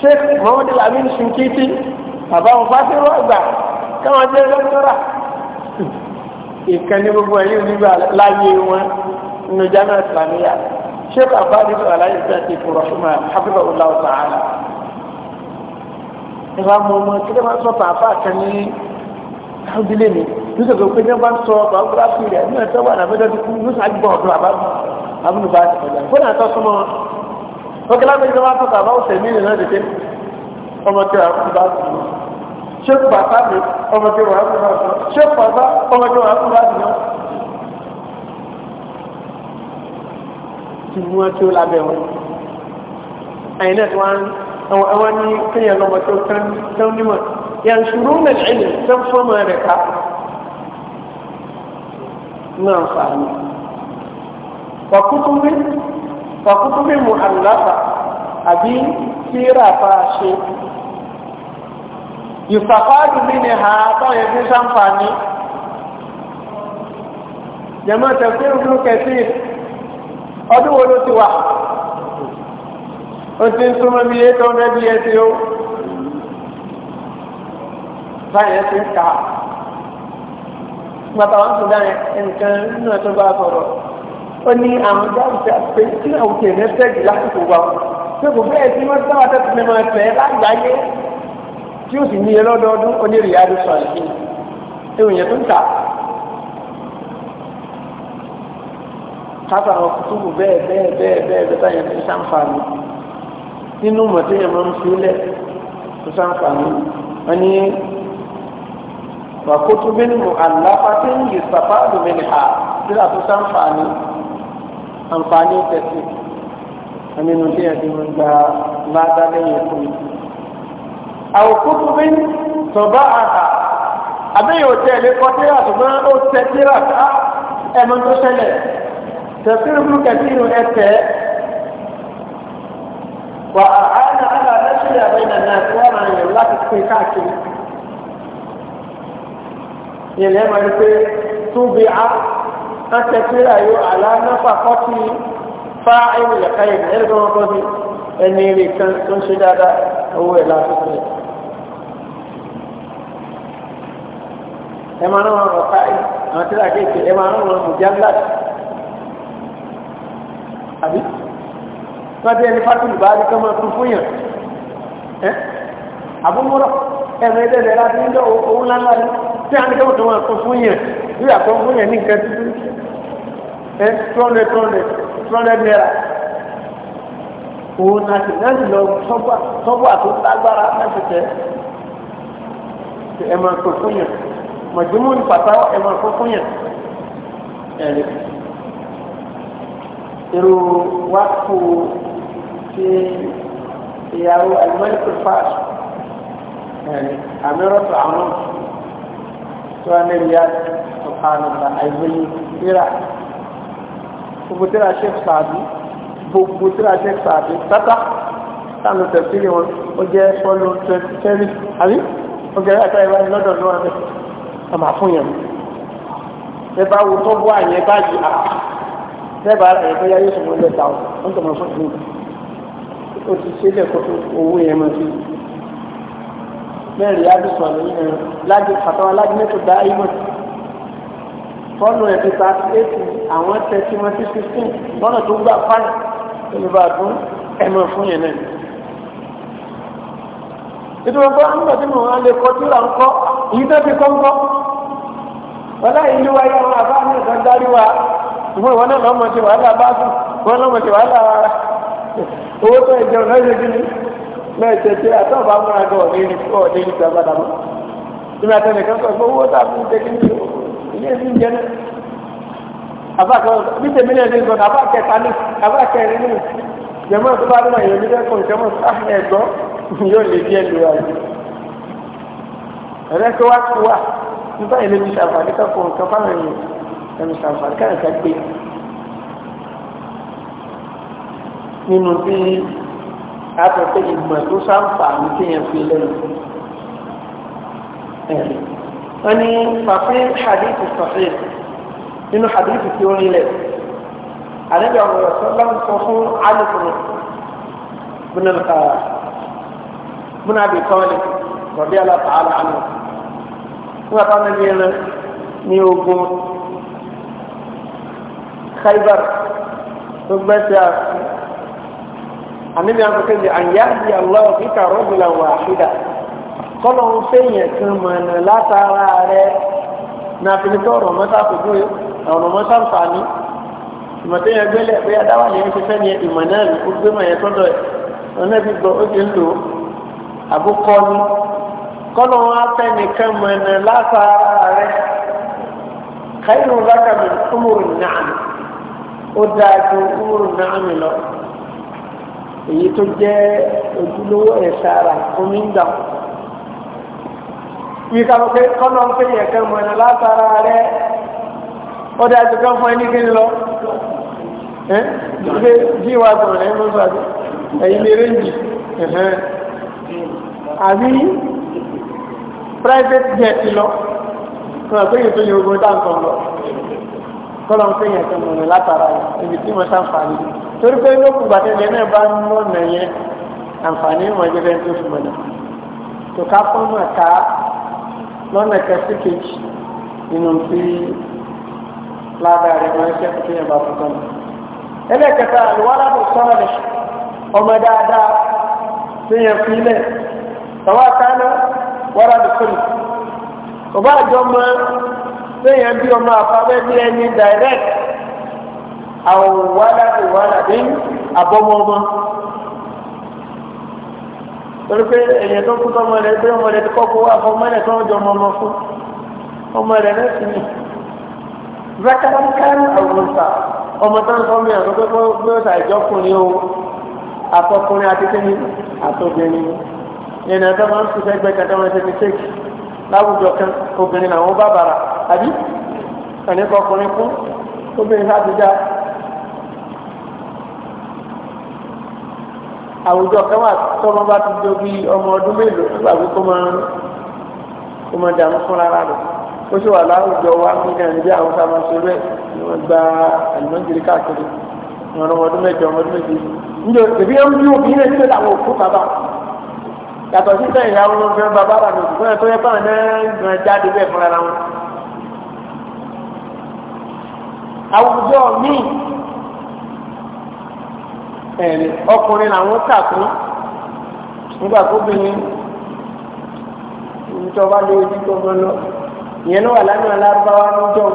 sheikh mohamed alamin shinkiti bàbá wọn fásitì àgbà káwọn jẹ́ lẹ́kṣọ́rà ìkànnì gbogbo ẹ̀yìn nígbà láyé wọn nínú jámẹ́ ìsìlámíyà sheikh abadi alayi fẹsẹ ìfowópamọ́ hafiza olawo sàánà ìwà mọ̀mọ́ kí ló máa sọ pàápàá kan ní káwùdílé mi ní sọ̀rọ̀ pé ní wọ́n bá ń sọ biography rẹ̀ ní ọ̀sẹ̀ wà lábẹ́jọ́ ti kú ní sàgbà ọ̀dọ́ àbámu bá ti fẹ́lẹ̀ fún àtọ́ súnmọ́ ọkẹ́ lábẹ́jọ́ tó bá sọ̀tọ̀ àbáwọ̀ sẹ̀mí rẹ̀ náà dìde ọmọ tí wàá fún bá sùn ṣé bàbá mi ọmọ tí wàá fún bá sùn ṣé bàbá ọmọ tí wàá fún bá sùn tí wọ́n tí ó lábẹ́ wọn ẹ̀yìn náà tí wọ́n ní kíyàn lọ́mọ tó tán nímọ̀ yàn ṣùgbọ́n náà ẹ̀yìn tó ń fọ́mọ rẹ̀ ká náà fàánù wàkútúbí wàkútúbí mu àlùláfà àbí tíra fa ṣe ìfàfáàdù mi ni ha táwọn ẹbí sáǹfààní jẹ́mọ́ tẹ̀síwájú kẹsíìrì ọdún wo ló ti wà ó ti ń súnmọ́ bí eight hundred years o báyẹn ti ń kà á bàbá wọn tó dáhùn nǹkan nínú ẹ̀tọ́ bá sọ̀rọ̀ ó ní àwọn dáhùnsẹ̀ àti tí àwùjọ ẹ̀ mẹ́tẹ́ẹ̀dì lásìkò wa pé kò bẹ́ẹ̀ tí wọ́n sábà tẹ́tù mẹ́mọ́ ẹ̀fẹ́ lágbàáyé tí ó sì ní ẹ lọ́dọọdún onírìyá ló sọ àìsí ìròyìn tó ń ta sábà wọn kùtùkù bẹ́ẹ̀ bẹ́ẹ̀ bẹ́ẹ̀ bẹ́ẹ̀ bẹ́ẹ̀ báyẹn fi sáǹfààní nínú mọ̀tò yẹn máa ń fi lẹ̀ tó sáǹfààní wọn ni wàkótó bẹ́ẹ̀ mọ̀ àlàfàtẹ́ ń yè sàpá àdùnmẹ́ni ha síra tó sáǹfààní àǹfààní tẹ̀sí nínú tí yẹn ti mọ̀ gba ládá lẹ́yìn fún mi. àwòkótó bẹ́ẹ̀ tọ́ba àhà àbẹ́yẹ̀ òtẹ́ẹ̀lẹ́kọ́ tíra ṣùgbọ́n ó tẹ tíra ká ah, ẹ̀mọ́ tó ṣẹlẹ̀ tẹ̀síìrì fún kẹ̀síìrì ẹ̀tẹ̀ wà àánà àlà lẹ́sìlẹ̀ àbẹ̀ nàná tí wọ́n máa yàn láti pín káàkiri. yẹn lẹ́ẹ̀ máa ń pé túbi á á tẹ̀síìrì àyò àlá náfà kọ́tì fa ẹ̀yìn lẹ́ka yẹn ẹ̀rọ tó wọ́n kọ́ sí ẹni rè kan tó ń ṣe dáadáa owó ẹ̀ lásìkò yẹn. ẹ máa ń wọn ọ̀ka ẹ̀ àwọn tí wọ́n kéèké ẹ máa ń wọn ọ̀jáńdà àbí tọ́jú ẹni fásitì bá rí kọ́mọ fún fún yàn ẹ́ àbúmọ́rọ̀ ẹ̀rọ ẹ̀dẹ́ ẹ̀rọ láti ń lọ owó ńláńlá ni tí a ní kọ́mọ tó máa fún fún yàn bí àtọ́ fún yàn ní nǹkan títí ẹ́ tọ́lẹ̀ tọ́lẹ̀ tọ́lẹ̀ náírà òun náà sì náà sì lọ sọ́gbà tó lágbára láti tẹ̀ ẹ̀ máa fún fún yàn mọ̀júmọ́ ní pàtàkì ẹ̀ máa fún fún yàn ẹ̀rẹ́ irú wákò tí ìyàwó alimẹ́tò fáṣọ àmìrọ́tò eh, àwọn tó wà níbi yá sọ̀kànlá àìgbéyé tíra gbogbo tíra ṣe fàbí gbogbo tíra ṣe fàbí tátá táwọn tẹ̀sílì wọn ó jẹ́ fọ́lù twenty three àbí ó gẹ̀rẹ́ àtàwọn ìwà lọ́dọ̀ lọ́wọ́ bẹ́ẹ̀ ọmọ àfúnyàn ẹ bá wo tó bọ́ àyẹ̀ báyìí ah, sẹ́ẹ̀bà ara yẹn bóyá yóò sọ̀rọ̀ lẹ́ta ọ̀sán ń tọ̀mọ̀ fún ìlú o ti ṣe lẹ́kọ̀ọ́ tó owó yẹn mọ̀ sí mẹ́rin láti sọ̀rọ̀ yìí náà láti fàtàwọn láti mẹ́tò dá ìmọ̀ fọ́ọ̀nù ẹ̀ ti ta eight àwọn thirty one to sixteen lọ́nà tó gbà fáì olùbá dún ẹ̀mọ̀ fún yẹn náà nítorí pé àwọn ìgbà tí mo máa lè kọ́ tí là kọ́ èyí tó ti kọ́ ń kọ́ wọ́n láyé ìlú wáyé àwọn àbá ṣùgbọ́n ìwọ náà lọ́mọ ṣe wàhálà bá sùn ìwọ lọ́mọ ṣe wàhálà ara owó tó ẹ jẹun náà ṣe kí ni náà ṣe ṣe àtọ́fà múra gan ọ̀dẹ́ ní ọ̀dẹ́ ní sábàdà mọ́ ìgbà tó nìkan sọ pé owó tàbí ṣe kí ni ilé ìsìn jẹ náà àbákan bí tèmi náà ṣe ń sọ̀rọ̀ àbákẹ́ ta ní àbákẹ́ rí nù jẹ̀mọ́ tó bá rí màá yẹ̀mí lẹ́kọ̀ọ́ ìjọmọ́ tó wá tó wà lè تمشي على الخارج كانت تدي من نبي أتو تجد ما تسام فعمتين في الليل إيه. أني مفين حديث الصحيح إنه حديث في يوم الليل أنا جاء الله صلى الله عليه وسلم علي بن القرار بن أبي طالب رضي الله تعالى عنه وقال لي أنا ni ogun Khaybar tó gbẹ́sẹ̀ àmì mi àwọn kéde àyáàdì aláwọ̀ kíkà rọ́bìlà wà àṣìdá kọ́lọ̀ ń fẹ̀yìn kan mọ̀nà látara rẹ̀ náà fi ní kọ́ ọ̀rọ̀ mọ́tà fojú ọ̀rọ̀ mọ́tà nfààní ìmọ̀tẹ́ yẹn gbélé pé adáwà ni yẹn ti fẹ́ ni ìmọ̀ náà ló gbé mọ̀ yẹn tọ́dọ̀ ẹ̀ ọ̀nà ti gbọ́ ó ti ń lò ó àbúkọ́ ni kọ́nà wọn afẹ́ nìkan mọ̀nà látara rẹ̀ káyọ̀ lákàmì ọmọrùn náà ó dáa ju umuru náà mi lọ èyí tó jẹ́ ojúlówó ẹ̀sà ara omi ń dà wí ká ló pé kọ́nà ń pè yẹn kan mọ̀ ẹ̀nà látara rẹ̀ ó dáa ju kan fún ẹni kí ni lọ ẹ́ gbé bí wàá gbọ̀n ẹ̀ ń lọ sọ ẹ̀yìn lè rẹ́ǹjì àbí private jet lọ fún àpéyìn tó yẹ ogun táǹkan lọ kọ́lọ̀ ń fẹ́yìn ẹ̀sẹ̀ mọ̀nà látara yẹn ibi tí mo ṣàǹfààní torí pé lókùn gbàtẹ́lẹ̀ náà bá ń mọ̀nà yẹn àǹfààní ìmọ̀ ìjọba ẹni tó fi mọ̀nà tó ká fọ́nù ẹ̀ka lọ́nà kẹsí kejì nínú tí ládàá rẹ̀ máa ń ṣe kí yẹn bá fún tán. ẹlẹ́kẹta àlùwárà tó sọ́nà lẹ̀ ọmọ dáadáa tí fi lẹ̀ tọ́wọ́ àtàná wárà tó sọ́nà ọba àjọ máa sẹ́yìn bí ọmọ àfábẹ́ bí ẹni direct àwọn wàlàdì wàlàdì àbọ̀mọ́mọ́ torí pé èèyàn tó kú tọmọ rẹ pé ọmọ rẹ ti kọ́ kó wá fún ọmọ rẹ tó ń jọ ọmọ ọmọ fún ọmọ rẹ náà sì ní zakarankan awusa ọmọ tó ń sọ mi àtọ́ pé bí ó ṣàìjọkùnrin o àtọkùnrin àti kíni àtọbìnrin ìrìnàjò máa ń ṣiṣẹ́ gbẹ́kẹ̀tẹ́ wọn ṣe ti ṣéèkì láwùjọ kan obìnrin làwọn bá bàrà àbí ẹ̀nìkan ọkùnrin fún obìnrin láti dá àwùjọ kan wà tọ́mọ bá ti jó bí ọmọ ọdún mélòó nígbà pé kó máa kó máa dààmú fúnra rẹ̀ ó sì wà láwùjọ wa nígbà níbi àwọn sábà ṣe bẹ́ẹ̀ ni wọ́n gba àlùmọ́jìrì káàkiri wọn ọmọ ọdún mẹ́jọ ọmọ ọdún méje níjọ tèmi ẹ ń bí òbí rẹ nílẹ̀ làwọn òkú bàbá yàtọ̀ sí sẹ́yìn ìyàwó ló ń fẹ́ bàbá rà ní òkú fún ẹ tó yẹ fáwọn àwùjọ míì ẹ̀rì ọkùnrin làwọn kàkún nígbà tó bìnrin ìjọba lé ojú tó gbọ́n lọ ìyẹn náà wà lánàá lárúbáwá níjọ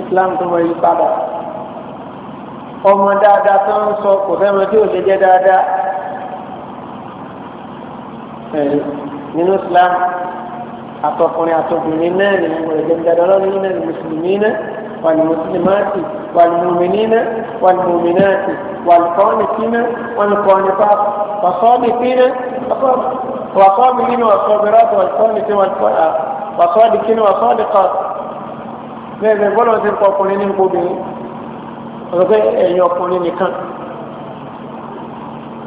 Islam tó wọ yìí padà ọmọ dáadáa tó ń sọ kò fẹ́ mọ tí ò lè jẹ́ dáadáa ẹ̀rì nínú Islam àtọkùnrin àtọkùnrin náà ni mo lè jẹ́ dáadáa lọ́nà nínú mùsùlùmí náà. والمسلمات والمؤمنين والمؤمنات والقانتين والقانطات والصادقين والصابرين والصابرات والقانتين والصادقين والصادقات bẹ́ẹ̀ gbọ́dọ̀ ti kọ ọkùnrin ní gbóbìnrin ọ̀gbẹ́ ẹ̀yìn ọkùnrin nìkan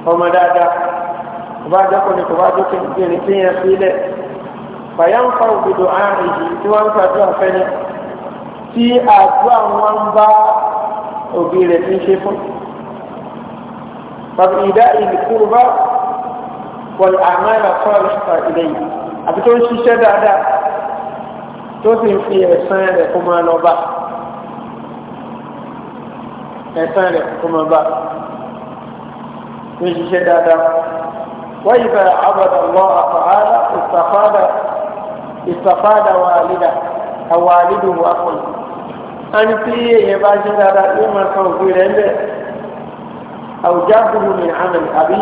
ọmọ dáadáa kò bá jẹ́kùnrin kò bá jókè ní kéèyàn sílẹ̀ fàyà ń fa òbìdó àárín yìí tí wọ́n ń fàdúrà fẹ́ náà tí àdúrà wọn ń bá òbí rẹ̀ ní ṣe fún. Bàbá ìdá ìdíkúrú bá wọ̀lì àmọ́ ẹ̀rọ fún àlùfà ilé yìí. Àbí tó ń ṣiṣẹ́ dáadáa tó sì ń fi ẹ̀sán rẹ̀ kó máa lọ bá. Ẹ̀sán rẹ̀ kó máa bá. Tó ń ṣiṣẹ́ dáadáa. Wọ́n yìí bẹ̀rẹ̀ àbọ̀dọ̀ lọ àfọ̀hálà ìsàfádà ìsàfádà wàhálì àwọn àlejò wà pọ̀ jù ẹni tí èèyàn bá ṣe dáadáa yóò máa san òbí rẹ̀ ń bẹ̀ àwùjá gbogbo ní àmì àbí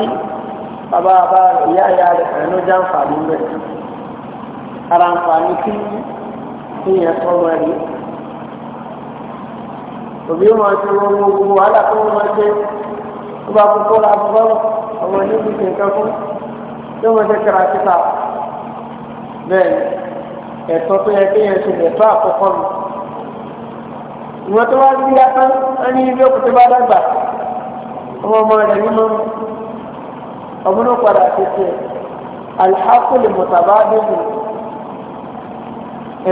bàbá bá ìyá ìyá rẹ̀ àìnú já nfààní ń bẹ̀ ara nfààní tí èèyàn sọ wọn rí òbí wọn ti wọn gbogbo wàhálà tó wọn ṣe ó bá kókó la bọ́ ọmọ níbi kẹ̀kẹ́ fún yóò máa ṣe kíra kíta bẹ́ẹ̀ ni. ẹ̀tọ́ tó yẹ kéèyàn ṣe lẹ̀tọ́ àkọ́kọ́ mi ìwọ́n tó wá sí yàtọ̀ á ilé òkú bá dàgbà ọmọ ọmọ rẹ̀ ní mọ́ padà tètè alihakuli mọ̀tàbá dẹ́nu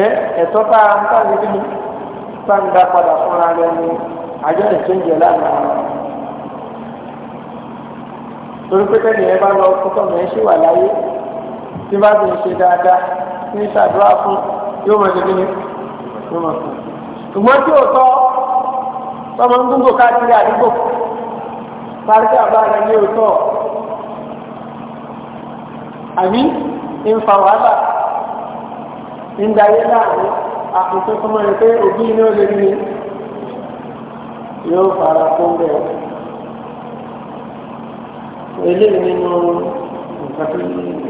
ẹ ẹ̀tọ́ tá a ń tàbí dínú tá ń dá padà fúnra rẹ̀ ní àjọ ìṣèǹjẹ̀ lánàá torí pé kẹ́ni ẹ bá lọ ti ń ṣàdúrà fún yóò máa ṣèkí ni yóò máa fún un. ṣùgbọ́n tí ò sọ tọmọ ń dúngò káàkiri àdúgbò parí àbá rẹ̀ ní òótọ́ àbí ń fa wàhálà ń darí láàrin àkùnso tọmọ rẹ̀ pé òbí ní ó lè ní yóò fara fún bẹ́ẹ̀. eléyìí nínú nǹkan tó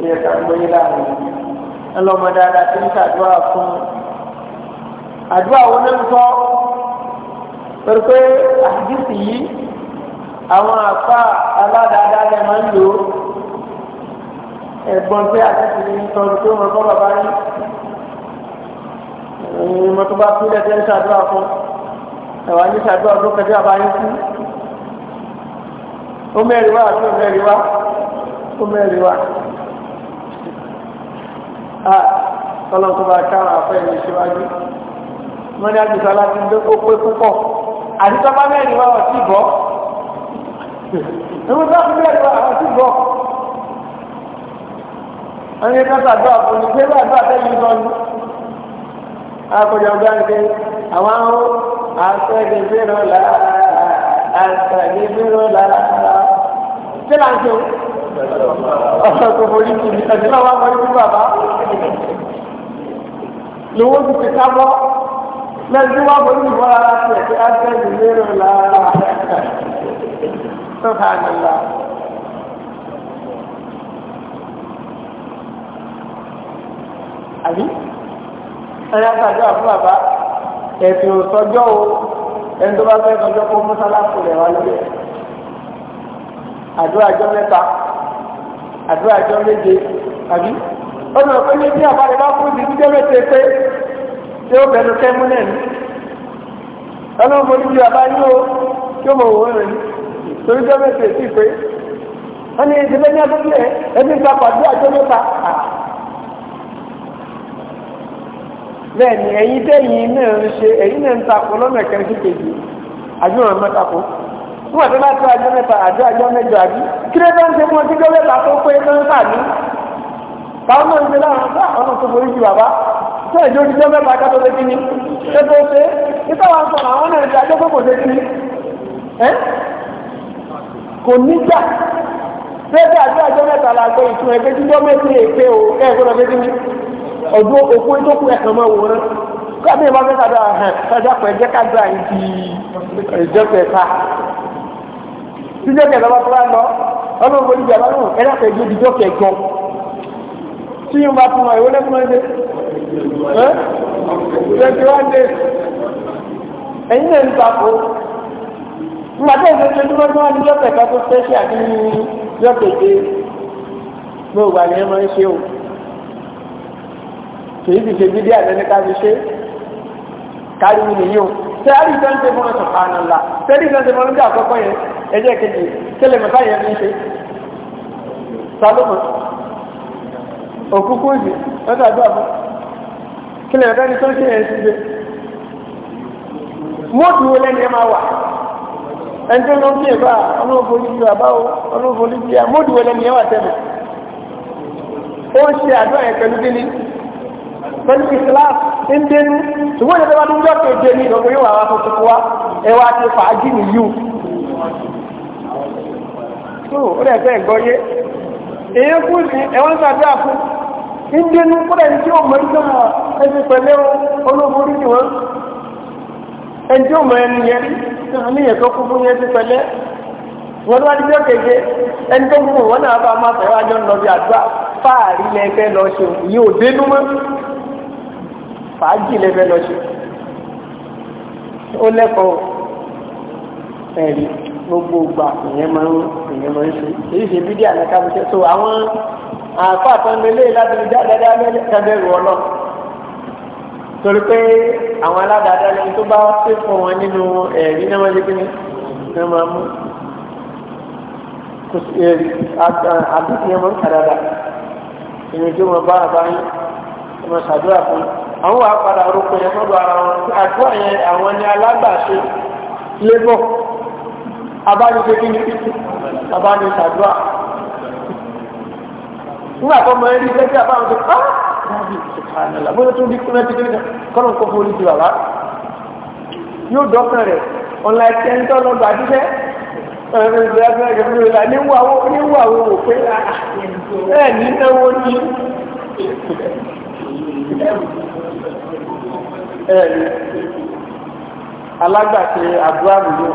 yẹ ká gbóyè láàrin ẹlọ́mọ dáadáa tí ń ṣàdúrà fún àdúrà wo ní nǹkan pẹ̀lú pé àdìsí yìí àwọn àfa aládáadáa lè máa ń lò ó ẹ̀gbọ́n pé àtẹ̀sí ní sọ̀rọ̀ pé wọ́n kọ́ bàbá yìí ìrìn mọ́tò bá kú lẹ́tẹ̀ ń ṣàdúrà fún ẹ̀wà ní ṣàdúrà tó kẹjọ́ àbáyé kú ó mẹ́rin wá àti ó mẹ́rin wá ó mẹ́rin wá a ah, tọ́lọ́ tó bá káwọn afẹ́ mi síwájú wọ́n ní àjùsọ láti ń dókó pé púpọ̀ àti tọ́pá mẹ́rin wá ọtí bọ́ ewu tó fún mẹ́rin wá ọtí bọ́ wọ́n ní kọ́sà àdó àfọ̀nù pé wọ́n àdó àtẹ́yìn sọ ní akọ̀jọ̀ ń pé àwọn ahọ́n àtẹ́gẹ̀ gbéró lára àtẹ́gẹ̀ gbéró lára ṣé là ń ṣe ọ̀sán tó forí kì í ẹ̀sìn náà wà mọ́rí fún bàbá lówó ti ti kábọ́ lẹ́yìn wà mọ́rí fún bàbá láti ẹ̀sìn ángẹ́lì lérò lára tó hà nílá. àbí ẹ̀yà sàjọ àfún bàbá ẹ̀sìn òsọjọ́ o ẹni tó bá fẹ́ sọjọ́ kó mọ́sálásù rẹ̀ wá àdúrà jọ mẹ́ta àdúrà àjọ méje àbí ọ̀nà ọ̀pẹ́ méjì àbálẹ̀ bá fún ìdíjú jẹ́ mẹ́tẹ̀ pé tí ó bẹ̀rù kẹ́mú náà ní ọlọ́run mo níbi àbá yóò tí ó mọ̀ wọ́n rẹ̀ ní torí jẹ́ mẹ́tẹ̀ sí pé wọ́n ní ìdíbẹ́ ní abúlé ẹbí ń papọ̀ àdúrà àjọ mẹ́ta bẹ́ẹ̀ ni ẹ̀yin dẹ́yìn náà ń ṣe ẹ̀yin náà ń takò lọ́nà kẹrin kékeré àdúrà mẹ́ta kò nígbà tó bá tó àjọ mẹ́ta àjọ àjọ mẹ́jọ àbí kí ló ń ṣe fún ọtí tó mẹ́ta tó pé tó ń fà ní. báwọn náà ń ṣe láwọn ọ̀sán àwọn náà tó borí ju bàbá tó ìjọ oníjọ mẹ́ta kátó lé kíní ṣé tó ṣe nígbà wọn sọ àwọn náà ṣe àjọ kókò lé kíní. kò ní gbà pẹ́ẹ́tẹ́ àjọ àjọ mẹ́ta la gbé ìtún ẹgbẹ́ jíjọ́ mẹ́ta èké o kẹ́ẹ̀kọ́ ọdún òkú tó kú ẹ̀kan mọ́ wòran kábíyèmọ́ fẹ́ kàdá ẹ̀jẹ̀ kàdá ìdí ìjẹ́pẹ̀ẹ́ta tíjọ́ kẹta bá tó bá lọ ọlọ́run kò ní ìjàmbá náà ẹ̀rọ àtẹ̀jú ìdíjọ́ kẹjọ tí yóò bá fún wa ìwé lẹ́kùn ẹ̀dẹ́ ẹ́ twenty one days ẹ̀yin náà ń takò nígbà tó ń tẹ́tẹ́ tó bá tó wà ní yọ̀kẹ̀ ká tó tẹ́sí àti yọ̀kẹ̀ dé gbogbo àlẹ́ ẹ̀ máa ń ṣe o kìí ti ṣe bídí àlẹ́ ní ká fi ṣe kárí mi nìyí o tẹ́lá ìjọ ń tẹ́ fún ọ̀sán àná ńlá tẹ́lá ìjọ ń tẹ́ fún ọ̀sán àkọ́kọ́ yẹn ẹjẹ́ kejì tẹ́lẹ̀ mẹ́fà yẹn ní ṣe salomon òkúkú òjì lọ́dọ̀ àdúrà fún kílẹ̀ mẹ́fà ní tó ṣe yẹn ti gbé mọ́tò wo lẹ́nu ẹ máa wà ẹni tó ló ń bí ẹ̀fà ọlọ́ọ̀fọ́ ní ìlú àbáwọ̀ ọlọ́ọ̀fọ́ ní ìlú mọ́tò wo lẹ́nu ẹ wà tẹ́lẹ̀ ó ń ṣe àdúrà yẹn pẹ̀lú gíní pẹ̀lú ìsìláàfù ń dénú ṣùgbọ́n ìjọba tó ń jọ́ kéde ní ìdọ̀gbọ̀n yóò wà wá tuntun wa ẹ wá ti fàájì nìyí tó ó rẹ̀ fẹ́ gbọ́yé èyí kú sí ẹ̀wọ́n sàdúrà fún ìdínú kúrẹ̀ tí ó mọ̀ nígbà ẹni pẹ̀lẹ́ olóògùn orí ni wọ́n ẹni tí ó mọ̀ ẹni yẹn rí tó fi níyẹn tó kú fún yẹn ti pẹ̀lẹ́ wọ́n tó wá dídí òkèké ẹni tó kú wọn náà bá máa fẹ́ wájọ́ lọ bí àdúrà fáàrí lẹ́fẹ́ ẹ̀rí gbogbo gbà ìyẹn máa ń ìyẹn máa ń ṣe èyí ṣe bídíà ní kábíyèsí so àwọn àpá àtọ́nulẹ̀ ládùúgbò dáadáa lẹ́yìn kábẹ́rù ọlọ́ torí pé àwọn aládàáda lẹ́yìn tó bá pè fún wọn nínú ẹ̀rí náà wọ́n ṣe kí ni wọ́n máa mú àdúgbò yẹn máa ń kàdáda ìrìn tí wọ́n bá àbá yín wọ́n máa ṣàdúrà fún àwọn wàá padà orúkọ yẹn fọ́dọ̀ ara wọn àdúrà yẹn àwọn ni alágbàṣe lébọ̀ abániṣekí ni abániṣàdúrà nígbà tó mọ ẹni lẹ́sẹ̀ àbáwọn tó á dábì ìṣèkànnàlà bóyá tó bí kúnlẹ̀ títí náà kọ́nà kó forí ju àbá yóò dọ́kàn rẹ̀ ọ̀nà ẹ̀kẹ́ ń tọ́ lọ́gbà jíṣẹ́ ẹ̀rọ ìgbéyàwó ẹ̀rọ ìlà níwàwó níwàwó wò pé ah, ah, ẹ̀ ní náwó ní ẹ̀rí alágbàṣe àbúrò àbúrò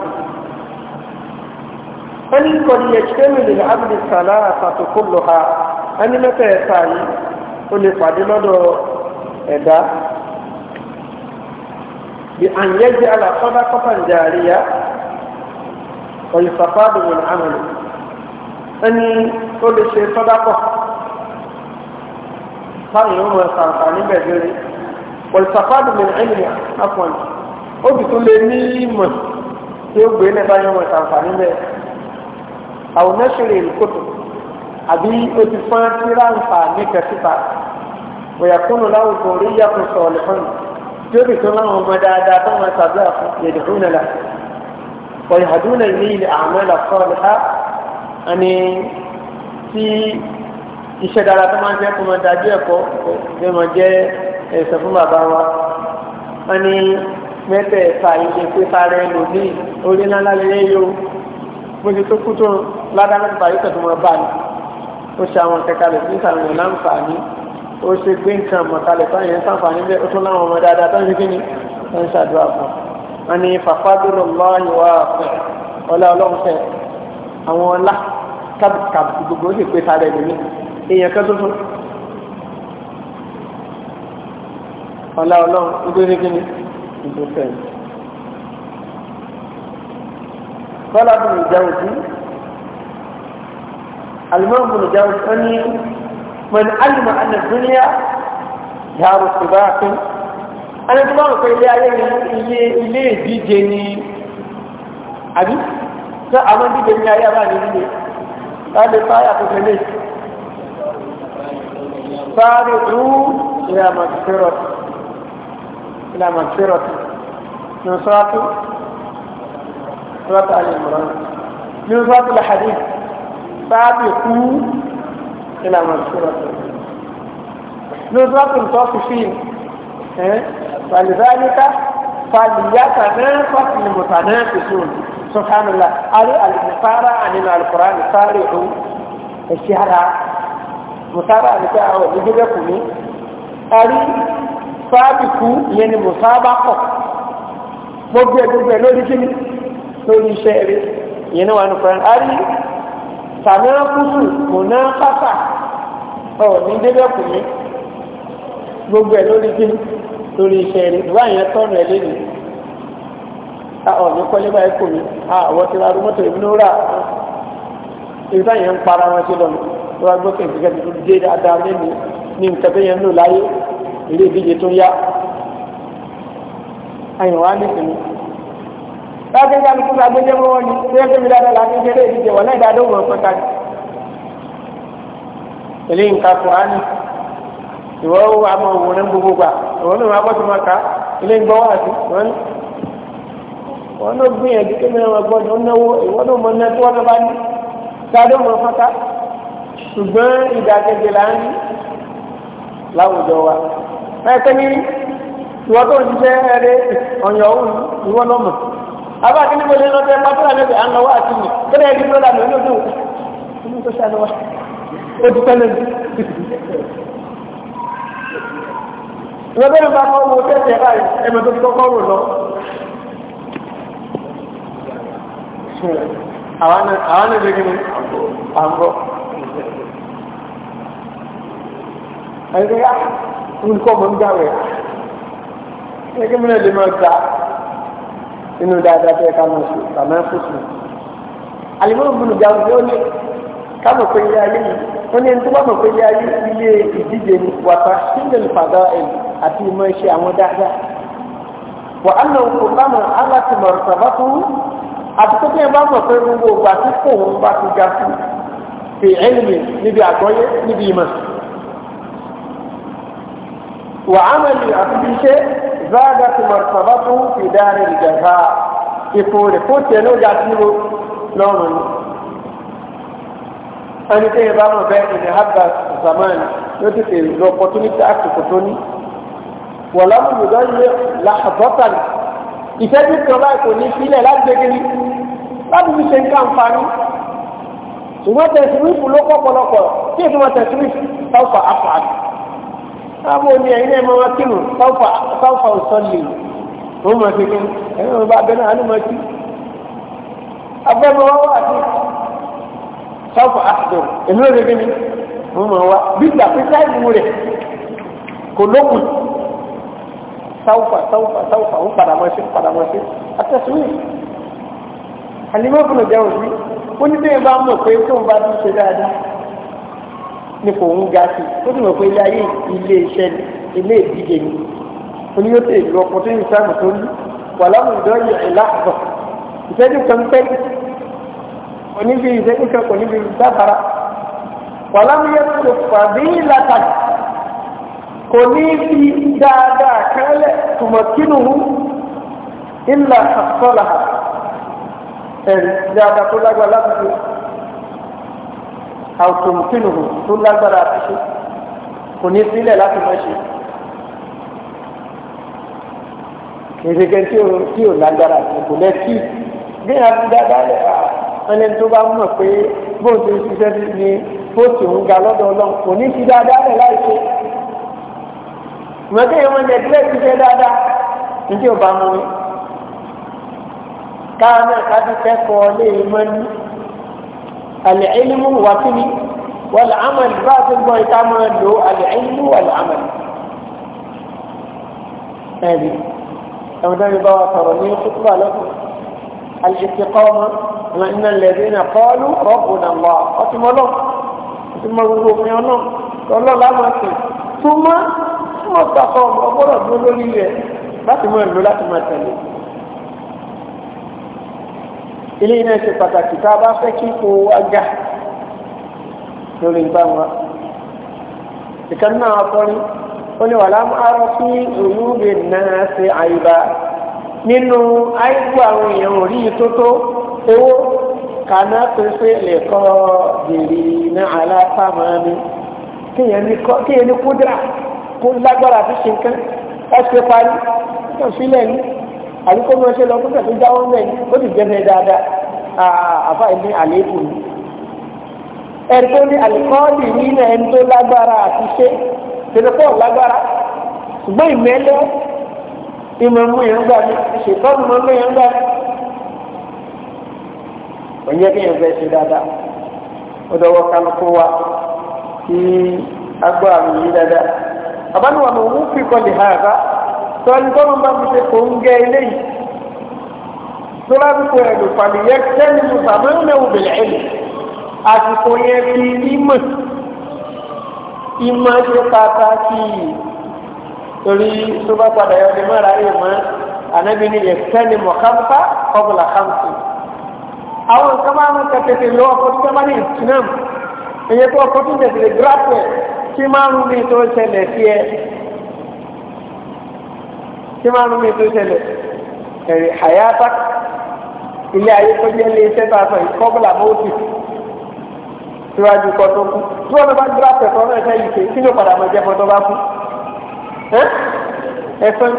ẹni kọ́ni yẹtẹ́mìlì abdi sàlá àtàtúkú lọ́ha ẹni mẹ́tẹ̀ẹ̀ta yìí ó lè pàdé lọ́dọ̀ ẹ̀dá bí ànyẹ́jì alákọ́dá kọ́pàǹdà àríyá ọ̀yìnfàfáàdùn wọn àmàlù ẹni ó lè ṣe sọ́dápọ̀ báyìí ó mọ̀ ṣàǹfà níbẹ̀ lórí ọ̀yìnfàfáàdùn wọn àmàlù afọ̀n ó bì tún lè ní ìmọ̀ tí ó gbé lẹ́bàá yẹn mọ̀ ṣàǹfà níbẹ̀ àwọn nẹ́sìrì ìlúkòtò àbí o ti fọ́n tíra nfààní kẹsíta òyàkúnnù láwùjọ orí yàtọ̀ sọ̀ọ̀lẹ̀ fún mi tí ó bìtún láwọn ọmọ dáadáa tó wọn tàbí àfún yèdè fún nílà ويهدون إليه الأعمال الصالحة أني في iṣẹ́ dára tó máa ń jẹ́ kó máa dájú ẹ̀kọ́ bí wọ́n jẹ́ ẹ̀sẹ̀ fún bàbá wa wọ́n mẹ́tẹ̀ẹ̀ta ilé pé sáré lòdì orí ńlá lálẹ́ yóò bó ṣe tó kú tó ládá mẹ́fà yóò tẹ̀tù mọ́ bá ní ó ṣe àwọn kẹkalẹ̀ ní ìsàwọn èèyàn láǹfààní ó ṣe gbé nǹkan mọ̀kalẹ̀ tó yẹn sàǹfààní bẹ́ẹ̀ ó tún láwọn ọmọ dáadáa tó ń ṣe kí ni tó ń ṣàdúrà fún wọn ni fàfádùrù lọ́ọ̀yì wà fẹ́ ọlá ọlọ́run fẹ́ àwọn ọlá kàbùkàbù gbogbo ó sì pé ta rẹ̀ èèyàn kan tuntun ọlá ọlọ́run ó tó ṣe kí ni طلب من جوزي المهم بن جوز أني من علم أن الدنيا دار سباق أنا دماغي في اللي اللي اللي دي جني أبي لا دي جني يا بني لي قال لي طايا في سارعوا إلى مغفرة إلى مغفرة من سورة آل عمران من سورة الحديث سابقوا إلى مغفرة من سورة المتوقفين إيه؟ فلذلك فليتنافس المتنافسون سبحان الله قالوا المسارع عن القرآن سارعوا الشهرة مسارع نتاعو يجبكم قالوا سابقوا يعني مسابقة مبدأ جزء لو lórí iṣẹ́ rẹ̀ ìyẹn náà wà ní Kùránì a rí tàmíràn kúsù mọ̀nà pátá ọ̀ ní débẹ̀kù mi gbogbo ẹ̀ lórí kí lórí iṣẹ́ rẹ̀ ìwà ìyẹn tọ́nù ẹ̀ lẹ́nu ọ̀ ní kọ́lé báyìí kò mí àwọn ti ra mọ́tò ìmúlòrà ibi táyà ń para wọn sí lọ́nà tó wá gbókè ìgbésẹ̀ tuntun dé dáadáa lẹ́nu ní nǹkan tó yẹn ń lò láyé ilé ìdíje tó yá àyìnwá nìkan ni láti ń kálukú bá gbé jẹ́wọ́ wọn ni tí wọ́n tẹ́mi dáadáa láti ń jẹ́lé ìdíje wọ́n náà dáadọ́ wọn pẹ́ta ni. ilé nǹkan kùránì ìwọ wo àmọ́ òwòrán gbogbo gbà ìwọ náà wọ́n bọ́tù máa ká ilé ń gbọ́wọ́ àti wọ́n ní. wọ́n náà gbìyànjú kí mìíràn wọn gbọ́dọ̀ náwó ìwọ náà mọ náà tí wọ́n náà bá ní dáadọ́ wọn pẹ́ta ṣùgbọ́n ìdàkejì là ń ní láwùjọ wa. ẹ̀kẹ́ ni ìwọ tó ń ṣiṣẹ́ ẹ̀rẹ́ ọ̀yọ́ òun ìwọ náà mọ̀ àbá kini eh, eh, hmm. ni mo lè lọ tẹ pátá lẹ́gbẹ̀ẹ́ à ń lọ wá àti mi kẹ́lẹ́ ẹ̀dí tó dà lórí òdò inú tó ṣe àlọ́wà ó ti pẹ́ lẹ́nu. ìwé bẹ́ẹ̀ bá kọ́ wo tẹ̀sẹ̀ báyìí ẹ̀mẹ̀ tó fi kọ́kọ́ rò lọ. àwọn ẹ̀dẹ̀ kí ni à ń bọ̀. ẹ̀dẹ̀ yá olùkọ́ mọ̀ ń gbà wẹ̀ ẹ̀kẹ́ mi nínú dáadáa tó yẹ ká mọ̀ sí bàmá fòsùn. àlìmọ́rù bùnú jáwé ó ní ká mọ̀ pé ilé ayé yìí ó ní ẹni tó bá mọ̀ pé ilé ayé ilé ìdíje ni wàtá sílẹ̀ fàdá ẹ̀ àti ìmọ̀ iṣẹ́ àwọn dáadáa. wà á nà òkú bá aláti mọ̀ sàbá tó wú àti tó kí ẹ bá mọ̀ pé gbogbo ògbà tí kò bá ti ga sí fi ẹ̀yìn níbi àgbọ́yé níbi ìmọ̀. wà á mọ̀ zadat martabatu fi dáre ìjàgbá ipò rẹ̀ kó tiẹ̀ ló ga sí lọ́rùn ni. ẹni tí yẹn bá mọ̀ bẹ́ẹ̀ ni habba zamani ló ti tèrè lọ opportunity àkókò tó ní. wọ̀lá mú mi lọ yẹ làbọ́tàlì ìṣẹ́jú kan báyìí kò ní sílẹ̀ láti gbé kiri láti fi ṣe nǹkan àǹfààní ṣùgbọ́n tẹ̀síwìfù ló pọ̀ pọ̀lọpọ̀ tí èso wọn tẹ̀síwìfù táwọn fà á fà á sábò ní ẹ̀yin náà máa kí nù sáfà òsọ́lì wọ́n máa fi kíni ẹ̀yin náà bá abẹ́ náà ló máa kí. abẹ́mọ̀ wá wà sí sáfà àtọ̀ èmi ò rẹ̀ kíni wọ́n máa wá bí ìgbà pé táìmù rẹ̀ kò lókun fún ọjà òbí ó ní bẹ́ẹ̀ bá mọ̀ pé tóun bá tún ṣe dáadáa ni kò ń ga sí ó sì mọ̀ pé ilé ayé ilé iṣẹ́ ni ilé ìdíje ni oníyóòtò ìlú ọkọ̀ tó ń sáàmù tó ní wà láwọn ìdọ́yẹ̀ ìlàkùkọ̀ ìṣẹ́jú kan pẹ́ oníbi ìṣẹ́jú kan kò níbi dábàrà wà láwọn yẹn tó fàbí ìlàkà kò ní fi dáadáa kálẹ̀ tùmọ̀ kínú ìlà àkọlà ẹ̀rí dáadáa tó lágbára láti àwòtòmùkìnùhùn tó lágbára àti ṣe kò ní sílẹ̀ láti mọ̀ ṣe. ìrẹ́gẹ́ tí ò lágbára kò lẹ́tí bí i dáadáa ẹni tó bá mọ̀ pé bóun ti ṣiṣẹ́ ní bóòtù ń ga lọ́dọ̀ ọlọ́run kò ní fi dáadáa lẹ̀ láì ṣe. ìmọ̀tẹ́ ìwọ̀n ní ẹgbẹ́ ti ṣe dáadáa ní tí ò bá mú mi. káà náà ká ti kẹ́kọ̀ọ́ lé e ní العلم وكني والعمل بعد المعتمد له العلم والعمل هذه أولا يبقى فرمي خطبة لكم الاستقامة إن الذين قالوا ربنا الله أتم الله ثم ربنا يقولون قال الله لا مكين ثم ثم استقاموا أقول أبو لولي إيه؟ لا تمام لا تمام ilé iná ṣe pàtàkì tá a bá fẹ́ kí kò wá ga lórí ìgbà wọn. ìkan náà akọrin ó ní wàhálà arọ sí olúwe náà ṣe àyíbá nínú àìkú àwọn èèyàn ò rí ìtótó ewó kàná pèsè lẹ́kọ́ dèrè ní aláfàmọ́ mi kéèyàn ní kúdra kó lágbára fi ṣe nǹkan ẹ ṣe parí ó sílẹ̀ ní àbí kó mọ̀ ṣe lọ kókè tó jáwọ́ mẹ́ ó ti jẹ́ mẹ́ dáadáa àfa ìní àléébù ni. ẹ̀rí tó ní àlùkọ́ọ̀lì yìí na ẹni tó lágbára àti ṣe tẹ̀lé pọ̀ lágbára ṣùgbọ́n ìmẹ́lẹ́ ìmọ̀mú yẹn gbà mamu ṣètọ́ ìmọ̀mú yẹn gbà mí. òun yẹ kí yẹn fẹ́ ṣe dáadáa ó dọwọ́ kálukú wa kí agbára mi yí dáadáa. àbánuwàmù òun fi kọ́ ha àbá sọ́ni tọ́lọ́ bá fi ṣe kò ń gẹ eléyìí tó láti kó ẹ̀rù fàmìyẹ sẹ́ni tó sàmúlẹ̀ òbẹ̀lẹ̀ ẹ̀lì àsìkò yẹn fi mímọ̀ ìmọ̀ ṣe pàtàkì torí tó bá padà yọ ọdẹ mọ́ra rẹ̀ mọ́ ànábi ni ẹ̀sẹ́ni mọ̀kámpa kọ́bùlà àwọn nǹkan máa ń kẹtẹtẹ lọ́wọ́ kó tó bá ní ìtìnàm ẹ̀yẹ tó ọkọ̀ tó tẹ̀sílẹ̀ gíráfẹ̀ tí máa ń ní tó ṣẹlẹ̀ sí ẹ ṣé máa ń mú ètò ìṣẹ̀lẹ̀ ẹ̀rì àyàtà ilé ayé tó jẹ́ ilé iṣẹ́ tó a sọ yìí kọ́bùlà mọ́tì síwájú kọ́ tó kú tí wọ́n bá gbé àtẹ̀kọ́ náà ṣe yìí ṣe kí ló padà mọ̀ jẹ́ fọ́tọ́ bá kú ẹ̀sán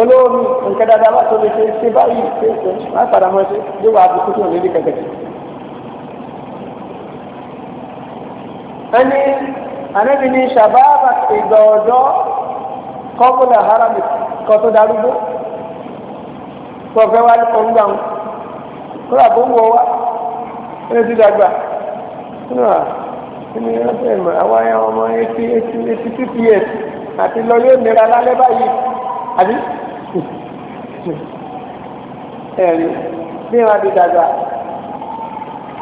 olówó mi nǹkan dáadáa bá tó lè ṣe ṣe báyìí ṣe ṣe má padà mọ̀ ṣe yóò wá àbùkù tó lè rí kẹ̀kẹ́ ẹni ànábi ní ṣàbáàbà ìgbà ọ̀dọ́ kọ́bùlà haramì kan tó darúgbó tó fẹ́ wá lọ́kọ̀ ń gbà wọn kódà bó ń wọ wá ẹni tó dàgbà nínú à nínú ẹni tó ẹ̀mọ̀ àwọn ẹ̀yàn ọmọ eighty eighty eighty two years àti lọ yóò nira lálẹ́ báyìí àbí ẹ̀rí bí wọ́n ti dàgbà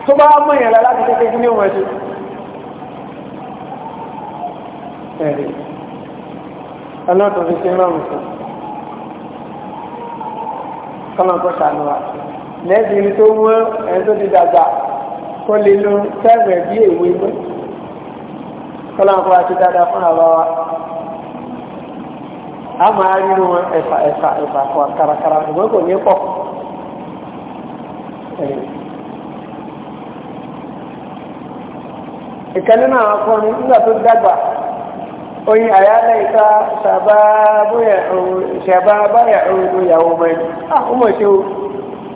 tó bá mú yẹn lọ láti kékeré kí ni wọ́n ti ẹ̀rí ọlọ́dún fi ṣe rọrùn fún un kọ́lọ́kọ́ sànù wa lẹ́sìn tó wọ́n ẹni tó ti dàgbà kó lè lo sẹ́ẹ̀mù ẹ̀bí èwe mọ́ kọ́lọ́kọ́ àti dáadáa fún àwa wa a máa rí wọn ẹ̀fà ẹ̀fà ẹ̀fà kọ́ kàràkàrà ṣùgbọ́n kò ní pọ̀ ìkànnì náà kọ́ ni nígbà tó dàgbà oyin àyálẹ̀ ìta ṣàbábá yàrá ìyàwó mẹ́rin àkómọ̀ ṣe o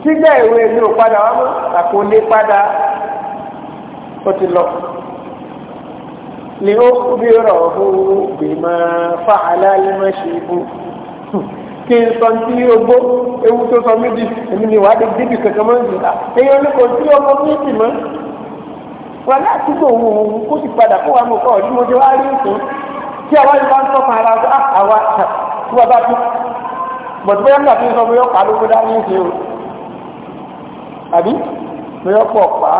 sígbà ìwé mi ò padà wá mọ́ àkólé padà ó ti lọ ni ó bí rọ̀ ó bì máa fa àlàálẹ̀ máa ṣe ibú hmm. kí n sọ tí ó gbó ewu tó sọ méjì èmi ni wàá débi kankan mọ́ ìgbà ah, èyí olùkọ́ tí ọmọ méjì mọ́ wọn láti gbòòwò kó sì padà kó wa mọ̀ kọ́ ọ̀dún mo ti wá rí ìtàn tí àwa yìí bá ń tọ́ka ara wa ah, àwa tí wọ́n bá tún bọ̀dé bóyá nígbà tí ń sọ bóyá ọ̀pá ló gbódá ní ìṣe o àbí bóyá ọ̀pọ̀ ọ̀pá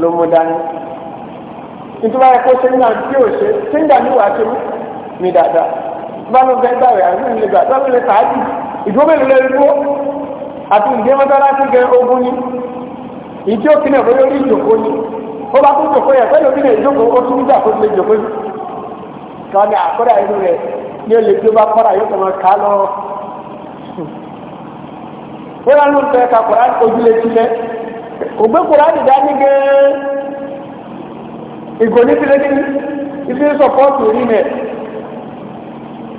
ló mú dání nítorí wáyé kó ṣe nígbà tí ò ṣe ṣé nígbà ní wàá ṣe mí dáadáa bá ló fẹ́ gbàwé àbí ìlú gbà bá ló lè tààjì ìdúró mélòó lè dúró àti ìdí mọ́tálásí gẹ ogun ni ìdí òkìlẹ̀ bóyá orí ìjòkó ni ó bá tún jòkó yẹ káwọn ní àkọ́dà inú rẹ̀ ní olè tí ó bá kọ́ra yóò tọmọ ká lọ. wọ́n lọ́nà ń fẹ́ ka o ojúlé tilẹ̀ ògbé Kùránì dání gẹ́ẹ́ ìgò ní tilẹ̀ ní ibi sọ̀pọ̀tù rí mẹ́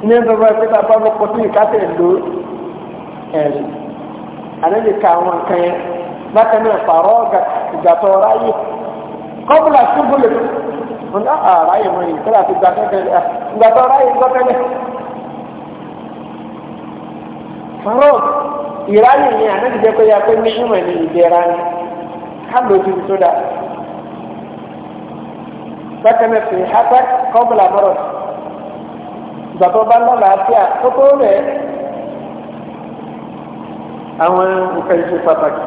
ní ẹgbẹ́ bá ẹgbẹ́ bá bá kọ́ sí ìkásẹ̀ ìlú ẹ̀rí àlejò ka àwọn nǹkan yẹn bákan náà pàrọ̀ ìgbàtọ̀ ráyè kọ́bùlà ṣubú lè wọn ná àráyè ah, mọ yìí kọ́lá ti gba kẹ́kẹ́lẹ́ ìgbà tó ráyè gbọ́ kẹ́lẹ́. fọ́nrọ́ ìráyè ni ànágbèjẹ́ pé ya pé ní ìmọ̀ ní ìdẹ́ra ni ká ló ti tó dà. bákan náà fi hátà kọ́bùlà mọ́rọ̀ ìgbà tó bá lọ́la àti àkókò rẹ̀ àwọn nǹkan ìṣe pàtàkì.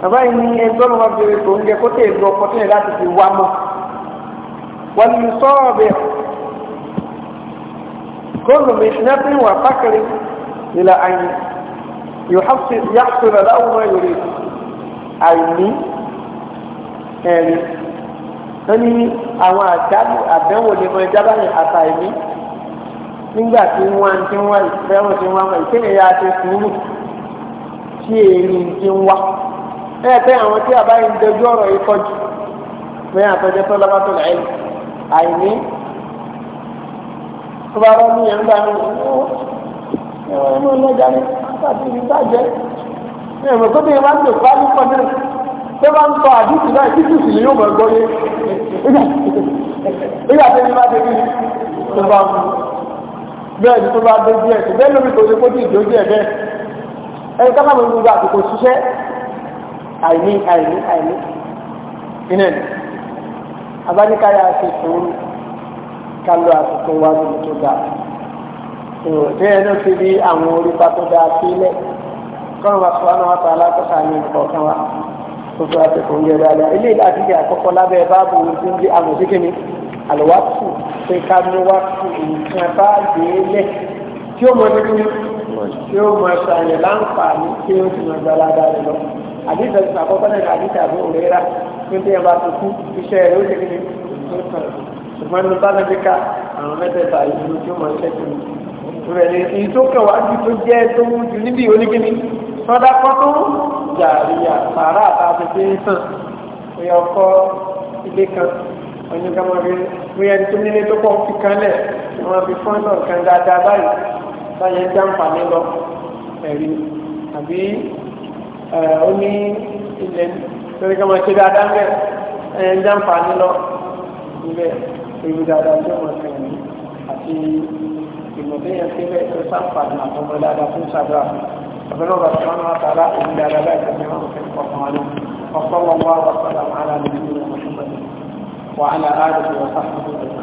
bàbá yìí ni ẹgbẹ́ ọlọ́mọbìnrin kò ń jẹ kó tẹ̀ lu ọkọ tẹ̀ láti fi wá mọ́. والمصابع كل محنة وفكر إلى أن يحصل, يحصل له ما يريد àìní ẹ̀rí wọ́n ní àwọn àdánù àdánwò lè mọ ẹja báyìí àtàìní nígbà tí wọ́n ti wá ìfẹ́wọ̀n ti wá wọn ìkéde ya ti sùúrù tí èyí ti wá ẹ̀ àwọn tí àbáyé ń dojú ọ̀rọ̀ yìí kọjú bẹ́ẹ̀ àtọ́jọ́ tó lọ́wọ́ tó lẹ́yìn àìní tó bá rọ́ níyẹn gbà mí ẹ̀wọ̀n ẹ̀mọ́ ẹlẹ́jà ní pàtàkì ìtajẹ́ ẹ̀wọ̀n tó bí wọ́n ń lò pálí pọ̀ náà tó bá ń sọ àdúgbò náà títí sì ni yóò mọ̀ gbọ́ yé nígbà tó ní bá dé bí tó bá mú bẹ́ẹ̀ ni tó bá dé díẹ̀ tó bẹ́ẹ̀ lómi tó ṣe kó tí ìjó díẹ̀ bẹ́ẹ̀ ẹni ká máa mú gbogbo àsìkò ṣiṣẹ́ àìní àìní àìní ìnẹ́ni abáníkáyà ti sùúrù ká lọ àsìkò wa lórí tó dáa ìròyìn ẹni fi bí àwọn orípa tó dáa sílẹ̀ kọ́nà wa sọ́nà wa ta alákọ̀ọ́sà ní ìkọ̀ọ̀kan wa tó fi wá sẹ́kọ̀ọ́ ní ẹ̀rọ alẹ́ ilé ìdájíjẹ́ àkọ́kọ́ lábẹ́ báàbù ojú ń di àwọn òṣèkéni àlùwàtù pé ká mú wàtù nǹkan bá gbé lẹ̀ tí ó mọ nínú tí ó mọ ẹ̀sọ́ àyẹ̀ láǹfààní tí ó sì mọ ẹ̀sọ́ aládàáni lọ. àdìsẹ́ ti àkọ́kọ́ náà àdìsẹ́ àbí òrera tó dé ẹ̀bá tó kú iṣẹ́ rẹ̀ ó ṣe kí ni tó sàn. ṣùgbọ́n ní bá lọ́dẹ́ ká àwọn mẹ́tẹ̀ẹ̀ta ìlú tí ó mọ iṣẹ́ kìíní. rẹ̀ ni èyí tó kẹwà á ju tó jẹ́ tó mú ju níbi oníkíní sọ́dá kọ́tó jàríyà sàárà àtàkùn sàn oyè ọkọ ilé kan onígbàmọ́ bóyá tó nílé tó pọ̀ fi kan lẹ̀ wọ́n fi fọ́ńtọ̀ kan dáadáa báyìí báyẹn ń dáǹfààní lọ ẹ̀rí àbí ó ní ilẹ̀ torí ká máa ṣe dáadáa bẹ́ẹ̀ ẹ̀yẹ ń dáǹfààní lọ níbẹ̀ ewu dáadáa tó mọ̀ sí ẹ̀mí àti ìmọ̀tẹ́yẹn síbẹ̀ tó sáǹfààní àtọmọ dáadáa fún sàdúrà ربنا سبحانه وتعالى إن لا لا تجمعه في القرآن وصلى الله وسلم على نبينا محمد وعلى آله وصحبه أجمعين